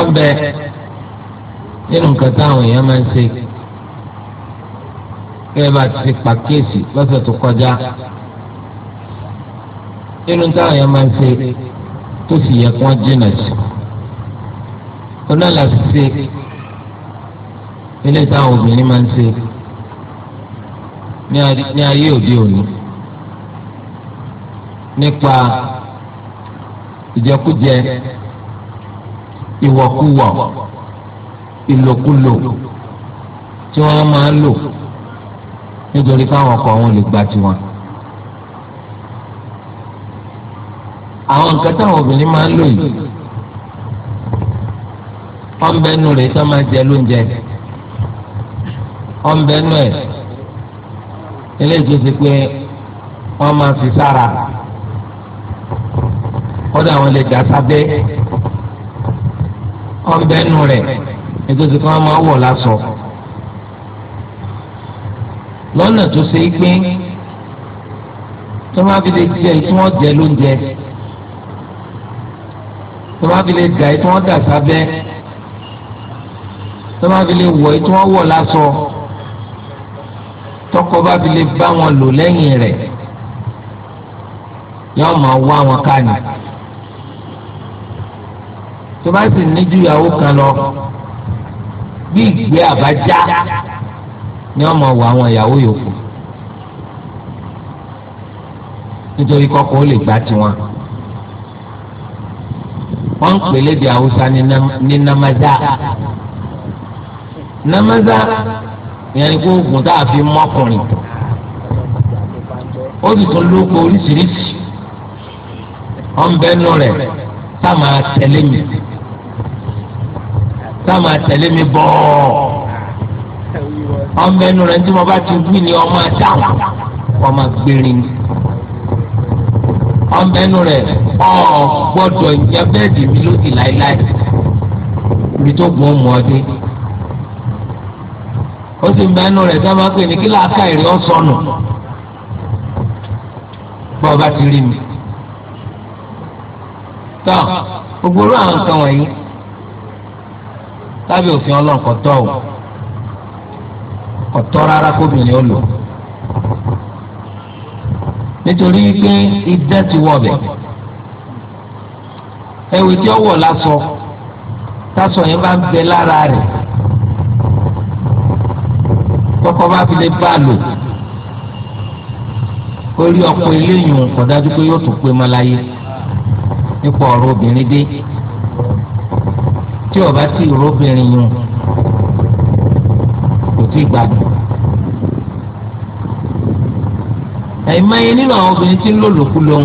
ọbẹ̀ nínú nǹkan táwọn èèyàn máa ń ṣe kẹ́ẹ̀ bá ti pàkíyèsí lọ́sẹ̀ tó kọjá nínú táwọn èèyàn máa ń ṣe tó sì yẹ kí wọ́n jìnnà sí. onáàlà ṣe ilé táwọn obìnrin máa ń ṣe ní ayé òde òní nípa ìjẹkújẹ ìwọ̀kúwọ̀ ìlòkulò tí wọ́n máa ń lò nítorí káwọn ọkọ wọn lè gba tiwọn. àwọn nǹkan táwọn obìnrin máa ń lò yìí wọ́n ń bẹ́nu rẹ̀ tó máa jẹ lóúnjẹ ọ̀nbẹ nù ẹ̀ eléyìí tó ti pé wọ́n máa fi sára kódà wọ́n lè dà sábẹ́ ọ̀nbẹ nù rẹ̀ ètò ìsìnkú wọn máa wọ̀ lásọ. lọ́nà tó ṣe é pé tó máa fi lè jẹ tí wọ́n jẹ lóúnjẹ tó máa fi lè dà tí wọ́n dà sábẹ́ tó máa fi lè wọ̀ tí wọ́n wọ̀ lásọ tọkọ bá fi lè bá wọn lò lẹ́yìn rẹ̀ yóò máa wá wọn ká ní. tó bá sì ní ju ìyàwó kan lọ bí ìgbé àbájá ni wọ́n máa wọ àwọn ìyàwó yòókù nítorí kọ́kọ́ ó lè gbá tiwọn wọ́n ń pè lédè haúsá ní namaza namaza ìyẹn ni kó oògùn tá a fi mọ́kùnrin ó sì tún lóko oríṣiríṣi ọ̀nbẹ́nu rẹ̀ tá a máa tẹ̀lé mi tá a máa tẹ̀lé mi bọ́ọ̀ ọ̀nbẹ́nu rẹ̀ tí mo bá ti wí ni ọmọ àtàwọn ọmọ gbẹ̀rin ni ọmọbẹnu rẹ ọ gbọ́dọ̀ ìjẹ bẹ́ẹ̀dì mi lókè láéláé ibi tó gbọ́ mọ ọdún ó sì ń bẹ ẹnu rẹ̀ sábà pé ní kí làákà èrè ọ sọnù bá ọba ti rí mi. tó ògbóró àwọn nǹkan wọ̀nyí lábẹ́ òfin ọlọ́run tọ́ o kò tọ́ rárá kóbìnrin ó lò nítorí pé idán ti wọ̀ bẹ̀ ẹ̀wì tí ó wọ̀ lásọ tásọ yẹn bá ń bẹ lára rẹ̀ tọkọ bá fi lè bá a lò orí ọkọ eléyìí kò dájú pé yóò tún pé mọ́ láyé nípa ọ̀rọ̀ obìnrin dé tí ọba tí ìró obìnrin yùn kò tí ì gbádùn. ẹ̀ẹ́mẹ́yẹ nínú àwọn obìnrin tí ń lò lòkulò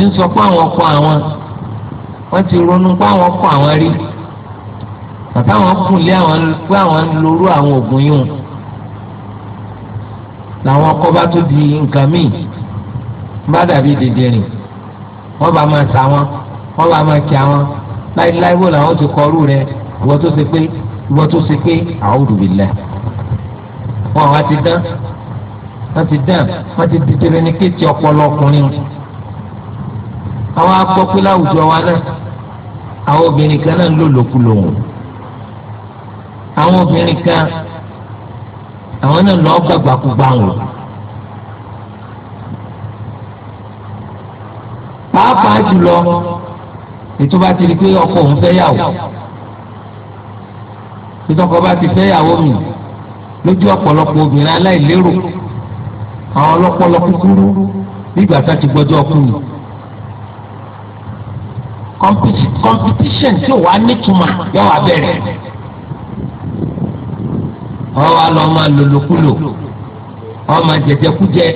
ń sọ pé àwọn ọkọ àwọn wọ́n ti ronú pé àwọn ọkọ àwọn rí bàbá àwọn kùnlé àwọn pé àwọn ń lorú àwọn òògùn yìí làwọn ọkọ bá tó di nǹkan míì bá dàbí dèdè rìn wọ́n bá máa sá wọn wọ́n bá máa kí àwọn láíláí wò làwọn ti kọrú rẹ ìwọ tó ṣe pé ìwọ tó ṣe pé a'udhu billah wọn àwa ti dán wọ́n ti dán wọ́n ti di tẹ̀lé ní kéètì ọpọlọ ọkùnrin àwọn akpọ́pẹ́ láwùjọ wa náà àwọn obìnrin kan náà ń lò lòkulò wọn àwọn obìnrin kan àwọn náà lọ gbàgbàkúgbà wọn. pàápàá jùlọ ètò bá ti di pé ọkọ òun fẹ́ yàwó títọ́kọ bá ti fẹ́ yàwó mi lójú ọ̀pọ̀lọpọ̀ obìnrin aláìlérò àwọn ọlọ́pọlọ kúkúrú nígbà tá a ti gbọ́jọ́ ọkùnrin competition tí ò wá nítumọ̀ yọ wá bẹ̀rẹ̀ wọn wá lọ máa lòlòkulò wọn máa jẹjẹkújẹ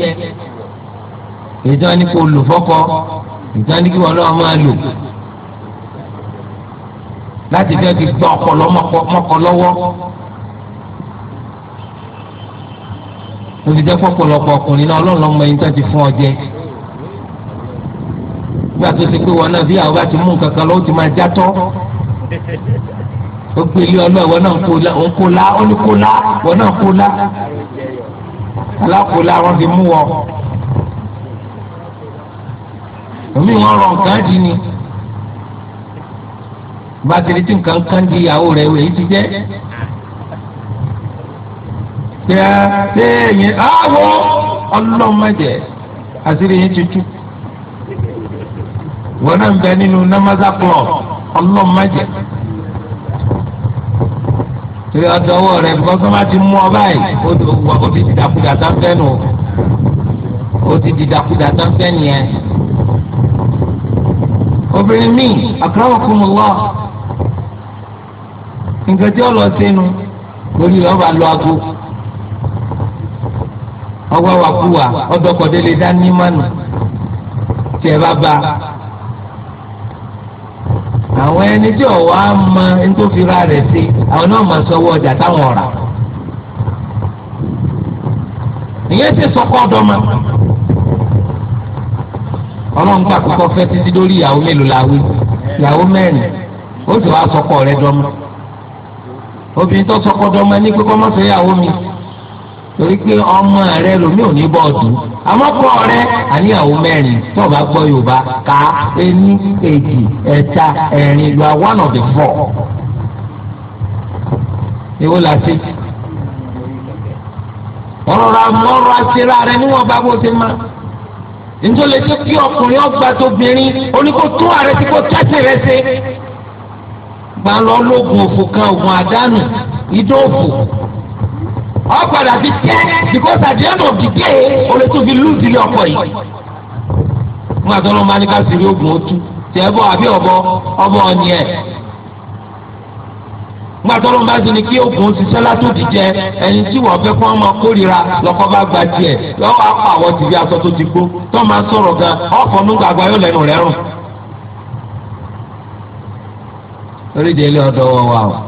ìjọ ni kò lò fọkọ ìjọ ni kí wọn lọ máa lò láti fẹ́ fi gbọ́ ọpọlọ mọ́kọ lọ́wọ́ òfin jẹ́ pọ̀pọ̀lọpọ̀ ọkùnrin náà ọlọ́run lọ́mọ ẹni tó ti fún ọ jẹ nígbà tó ti pé wọn náà bí àwọn bá ti mú nǹkan kan lọ́wọ́ ti máa já tọ́ ó gbé ilé ọlọ́ọ̀ wọn náà kó la ó kó la ó ní kó la wọn náà kó la alákòólá wọn fi mú wọn omi wọn rọ nǹkan di ni bàtìrì tí nǹkan kan di ìyàwó rẹ wẹ̀ yìí ti jẹ́ ṣé ṣé yẹn àwọ̀ ọlọ́mọdé àṣírí yẹn ti wọn náà ń bẹ nínú namaza club ọlọ́mọdé torí ọdọwọ rẹ bọsọ bá ti mú ọ báyìí ó ti dìdàkudà sáfẹ nù ó ti dìdàkudà sáfẹ nìyẹn. obìnrin míì akramakumullah nǹkan tí ó lọ sínú lórí ọba lọ ago ọwọ́ wa kú wa ọdọkọ̀dé ní mánu tí ẹ bá ba àwọn ẹni tí ọ̀wá ma tó fi ra rẹ̀ sí àwọn náà máa sọ owó ọjà táwọn ọ̀rà ìyẹn ti sọkọ ọdọ ma ọlọ́run gbà kọ́kọ́ fẹ́ títí lórí ìyàwó mélòó la wí ìyàwó mẹ́rin ó sì wá sọkọ rẹ̀ dọ́mọ obìnrin tó sọkọ dọ́mọ ní pé kọ́mọ́sọ ìyàwó mi torí pé ọmọ rẹ lomi ò ní bọ́ọ̀dù àmọ́kọ rẹ àníyàwó mẹ́rin tó o bá gbọ́ yorùbá ká ení èjì ẹ̀ta ẹ̀rin you one of the four. èwo la ṣe ọ̀rọ̀ àmọ́rọ̀ àṣírà rẹ níwọ̀n bá bó ti máa nítorí tó kí ọkùnrin ọgbà tóbìnrin oníkótó ààrẹ tí kò tẹ́sí rẹ ṣe gbà lọ lóògùn òfò kan ògùn àdánù ìdóòfò. ọ̀padà fi tẹ́ because at the end of the day o lè fi lùdì ní yìí. àti ní ká sí otu tí ẹ bọ́ àbí ọbọ ọ̀bọ ọ̀nì ẹ mo àti ọlọ́run máa ní kí oògùn otu jẹ ẹni tí wọ́n fẹ́ ọmọ kórìíra lọ́kọ́ bá gba tiẹ̀ lọ́wọ́ apá àwọn aṣọ tó ti gbó tó máa sọ̀rọ̀ gan ọ̀fọ̀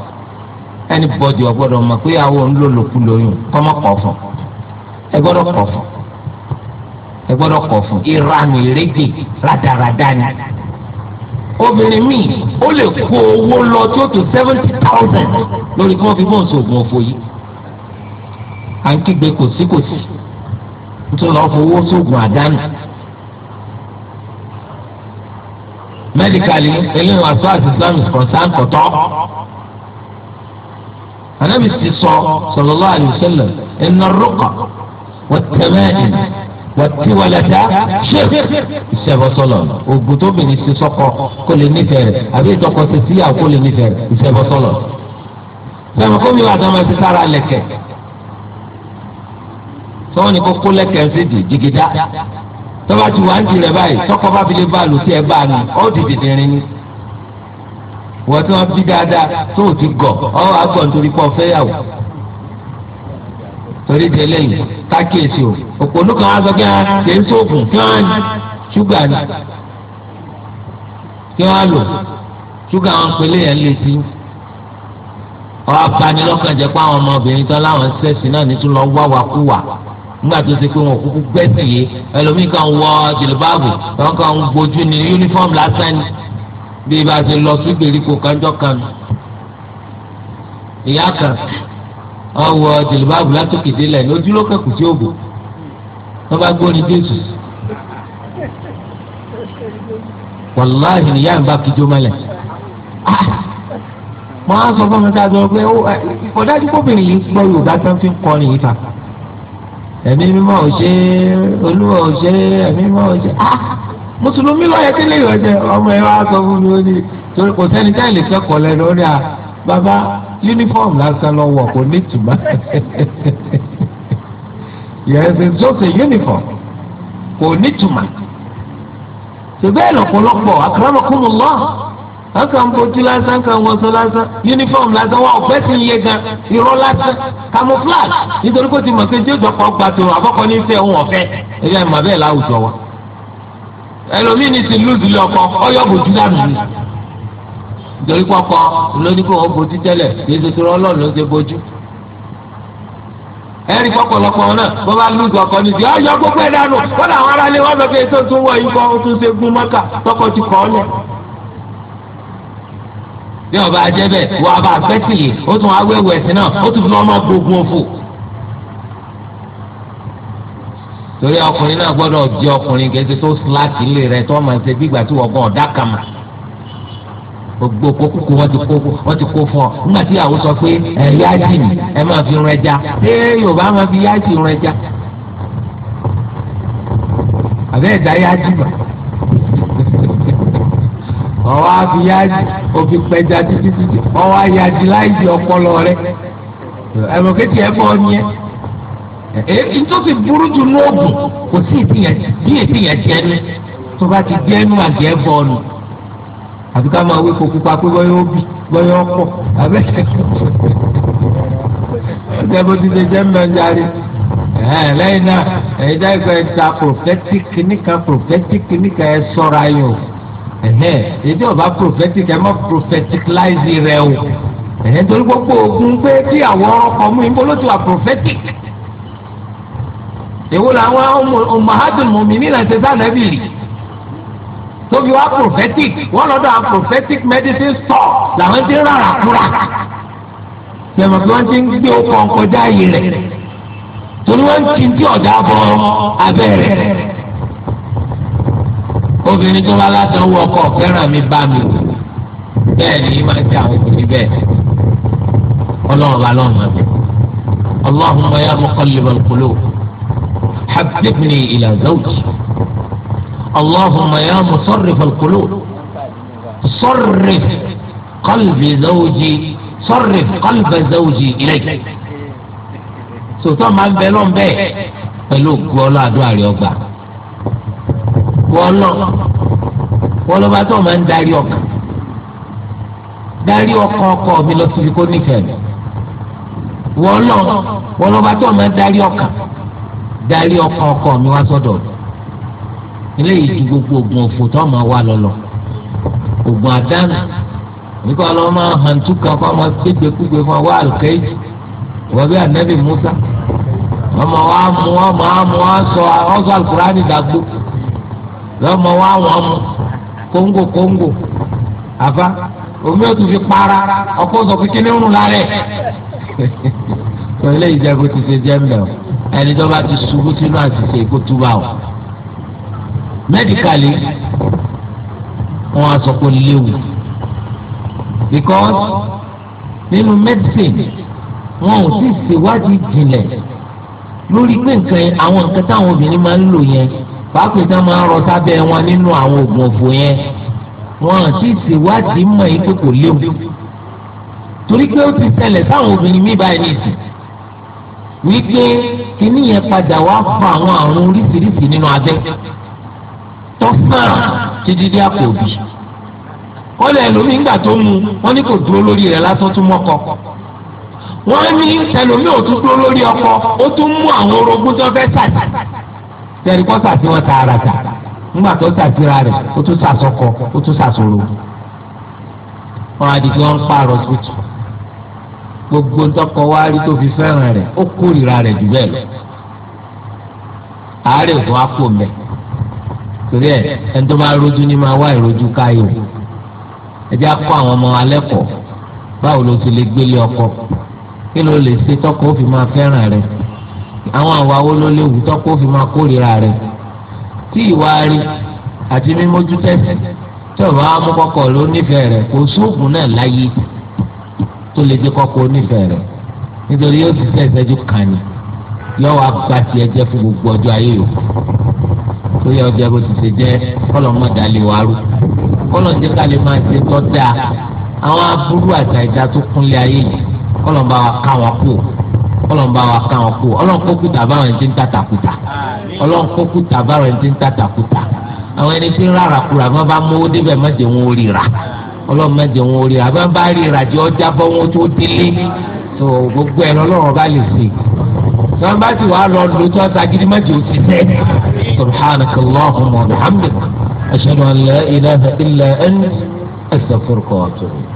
anybody ọgbọ́dọ̀ mọ̀ pé àwọn olólùkù lóyún kọ́mọ kọ̀ fún ẹ gbọ́dọ̀ kọ̀ fún ẹ gbọ́dọ̀ kọ̀ fún ìranù ìrẹ́jẹ rádaràdá ni obìnrin míì ó lè kó owó lọ tó tó seventy thousand lórí kí wọ́n fi bọ́ọ̀sì òfò yìí à ń kígbe kòsíkòsí nítorí àdánù anabi ti sọ sallallahu alayhi wa sallam inna ruqa wa tẹmẹẹdì wa tiwalata ṣe ìṣẹbọsọlọ oògùn tó bìnrin ti sọkọ kó lè nífẹ̀ẹ́ rẹ̀ àbí ìtọkọ ti síyà kó lè nífẹ̀ẹ́ rẹ̀ ìṣẹbọsọlọ. sẹ́mi kó mi wà sọ́mọ ti sára lẹ̀kẹ̀ sọ́wọ́n ti wà ń báyìí tọkọ bá fi lè bá a lò sí ẹ̀ bá a ni wọ́n tí wọ́n bí dáadáa tó o ti gọ̀ ọ́ àgọ̀ nítorí pọ̀ fẹ́yàwó torí di eléyìí kákìyèsí o òpònú kan á sọ pé ah, kì í sóògùn kí wọ́n á ní ṣúgà ni kí wọ́n á lò ṣúgà wọn pèlè yẹn lè ti ọ́ abanilọ́kàn jẹ́ pé àwọn ọmọbìnrin tán láwọn ṣẹ́ẹ̀sì náà ní tún lọ wá wa kú wa nígbà tó ṣe pé wọn kúkú gbẹ́sì yé ẹlòmíì kan wọ jìlìbáàbù wọn kan gbojú ní yúnífọ́ọ̀mù lásán ni bí ibà ti lọ sí gbèríko kanjọ kan ìyá kan ọwọ jìlìbáàbù látòkè délẹ̀ lójú ló kẹkù sí òbò wọn bá gbóni jésù wàláhì ni yáàmbá kìjọ mẹlẹ ah! wọn á sọ fún mi dájọ pé ọdájú kóbìnrin yìí gbọ́ Yorùbá tó ń fi kọrin yìí ta ẹ̀mí mímọ́ ò ṣe olúwa ò ṣe ẹ̀mí mímọ́ ò ṣe ah. mùsùlùmí lọ́yẹ tí lè yọjẹ ọmọ ẹ wá sọ fún mi ó ní torí kò sẹ́ni táyì lè kẹ́kọ̀ọ́ lẹ́nu ó ní à ah, bàbá yúnífọ́ọ̀mù lásán lọ wọ̀ kò ní tùmá yẹn ṣe tó ṣe yúnífọ́ọ̀mù kò ní tùmá ṣùgbọ́n ẹ̀ lọ́pọ̀lọpọ̀ àkàràmọ̀kùnmọ̀lọ́ ọkàn ń bojú lásán kan wọn sọ lásán yúnífọ́ọ̀mù lásán wọn ọ̀gbẹ́ sì gan irọ́ lásán camouflage nítorí kó ti mọ̀ gbàtò ní ọ̀fẹ́ ẹ̀yà ìmọ̀ bẹ́ẹ̀ láwùjọ wa. ẹlòmíì ní ti lùdì lọkọ ọyọ bòjú dànù ni nítorí kọkọ lóníkó ó bòjú tẹ́lẹ̀ yéésù tó Ọlọ́run ló ṣe bòjú ẹrí pọpọlọpọ náà bó bá lùdì ọkọ ní ti ọyọ gbogbo ẹ dànù wọn làwọn aráàlú wọn lọ fi ètò tó wọ yìí kọ ó tún ṣe gún mọkà tọkọ ti kọ ọ lẹ bí ọba ajẹ bẹ́ẹ̀ wọ abà bẹtì yìí ó tún awéwẹsì náà ó tún fi ọmọ gbogbo fò. torí ọkùnrin náà gbọdọ jẹ́ ọkùnrin kẹsí tó síláàtì ilé rẹ̀ tó máa ṣe bí ìgbà tí wọ́n gan ọ̀dá gbogbo ti kó wọ́n ti ọ nígbà tí sọ pé ẹ yáàjì ẹ máa fi rún ẹja ṣé Yorùbá máa fi yáàjì rún ẹja àbẹ ẹja yáàjì mà àfi òfin pẹja títí títí láì di ọpọlọ kékeré ẹ bọ ọ èyí tó ti burú jù ní oògùn kò sí ìtìyàn jẹnu tó bá ti jẹnu àjẹ bọ́ọ̀lù àti ká máa wí kó pupa pé bọ́yọ̀ bì bọ́yọ̀ pọ̀ abẹ́ ṣe bó ti ṣe jẹ́ mẹ́jáde lẹ́yìn náà ẹ̀yìn dá ìgbà ẹ̀ta prophetic nìkan prophetic nìkan ẹ̀ sọ̀rọ̀ ayò èdè ọba prophetic ẹ̀ mọ́ propheticalize rẹ̀ o ẹ̀yìn torí gbogbo ogun pé kí àwọn ọkọ̀ mú ibo ló ti wà prophetic èwo làwọn ọmọhadùn mọ̀mìnì náà ṣe sànẹ́bì rì tóbi wá prophetic wọn lọ́dọ̀ àwọn prophetic medicine store làwọn ti ń rárá kúra tẹ̀mọ̀ tí wọ́n ti ń gbé ọkọ̀ kọjá yìí rẹ̀ torí wọ́n ti ń tí ọ̀dà bọ abẹ́ rẹ̀ obìnrin tó bá láti ọwọ́ ọkọ̀ fẹ́ràn mi bá mi wò bẹ́ẹ̀ ni máa ń àwọn obìnrin bẹ́ẹ̀ ọlọ́run bá lọ́run àbẹ̀ ọlọ́run bá yà mọ́kànlélọ́ọ̀kúlò. حببني إلى زوجي اللهم يا مصرف القلوب صرف قلب زوجي صرف قلب زوجي إليك sòtọ́ máa ń bẹ lọ́n bẹ́ẹ̀ pẹ̀lú òkú ọlọ́ àdúrà rẹ̀ ọgbà wọlọ́ wọlọ́ba tó máa ń darí ọkàn darí ọkàn ọkọ mi lọ síbi kó nífẹ̀ẹ́ mi wọlọ́ wọlọ́ba tó máa ń darí ọkàn darí ọkàn ọkọ mi wá sọ́dọ̀ eléyìí ju gbogbo oògùn òfò tó ọmọ wa lọlọ oògùn àdánù nípa ọlọmọ hàǹtú kan kọ ọmọ gbégbékúgbé fún wa àlùkẹ́yì wọ́n bí ànábì Musa ọmọ wa mú ọmọ wa mú ọsọ ọsọ alukurani dàgbò lọmọ wa wọn mú kóńgò kóńgò àbá omi ò tún fi para ọkọ sọ pé kí ni ń rún lálẹ́ eléyìí jẹ kó ti ṣe jẹ mẹ o ẹni tó bá ti ṣubú sínú àṣìṣe kó túbà o mẹ́díkàlì wọ́n á sọ pé léwu because nínú medicine wọn ò sì ṣèwádìí jìnlẹ̀ lórí pé nǹkan yẹn àwọn nǹkan táwọn obìnrin máa ń lò yẹn pàápàá tá máa ń rọ sábẹ́ wọn nínú àwọn oògùn òfò yẹn wọn ò sì ṣèwádìí mọ̀ yìí pé kò léwu torí pé ó ti ṣẹlẹ̀ sáwọn obìnrin mí báyìí nìyí. wípé kíní yẹn padà wá àwọn àrùn oríṣiríṣi nínú abẹ́ tó títí dé àpò òbí wọ́n tó mu wọ́n ní kò dúró lórí rẹ̀ lásán tún mọ́kọ wọ́n ní ẹlòmíì ò tún dúró lórí ọkọ ó tún mú àwọn orogún tó fẹ́ sàtì tẹ̀rí kọ́ sàtì wọn tààràtà ńgbà tó sàtìra rẹ̀ ó tún sàsọkọ ó tún sàsọ̀rọ̀ wọn àdìgbò ń pààrọ̀ tuntun. gbogbo ntọkọ wa rí tó fi fẹ́ràn rẹ̀ ó kórìíra rẹ̀ jù bẹ́ẹ̀ lọ àárẹ̀ òfin akó mẹ́ torí ẹ ẹni tó bá rojú ní máa wá ìrojú káyọ̀ ẹ jẹ́ akọ àwọn ọmọ alẹ́ kọ̀ báwo ló ti lè gbélé ọkọ kí ló lè ṣe tọkọ ó fi máa fẹ́ràn rẹ̀ àwọn àwa wo ló léwu tọkọ ó fi máa kórìíra rẹ̀ tí ìwà rí àti mímójútẹ́sí tí ọ̀rọ̀ amúkọkọ̀ ló nífẹ̀ẹ́ rẹ̀ kò sóògùn náà láyé tó lè jẹ́ kọ́kọ́ onífẹ̀ẹ́ rẹ̀ nítorí yóò ti sẹ́sẹ́jú kàní yọ̀wọ́ agbátí ẹjẹ́ fún gbogbo ọjọ́ ayé o tó yẹ ọjọ́ bó ti ṣe jẹ́ kọ́lọ́mọdà lè wá rú kọ́lọ́dé ká lè máa ṣe tọ́ da àwọn aburú àti àìdá tó kúnlẹ̀ ayé yìí kọ́lọ́mbà wa ká wọn kú kọ́lọ́mbà wa ká wọn kú ọlọ́nkó kùtà báwọn ẹni tí ń tàtàkùtà ọlọ́nkó kùtà báwọn ẹni tí ń tàtàkùtà àwọn ẹni tí ń rárá kura bá bá mówó débẹ̀ má jẹ́ ọlọ́mọdé wọn ò rí àbámbárí ìrajì ọjà bọ́ wọn tó délé tó gbogbo ẹ̀ lọ́lọ́run bá lè sè tí wọ́n bá sì wà lọ lò tó ọ̀sà gidi méjì ó ti tẹ́ subhanaka allahumma wa bihamdika ashhadu an la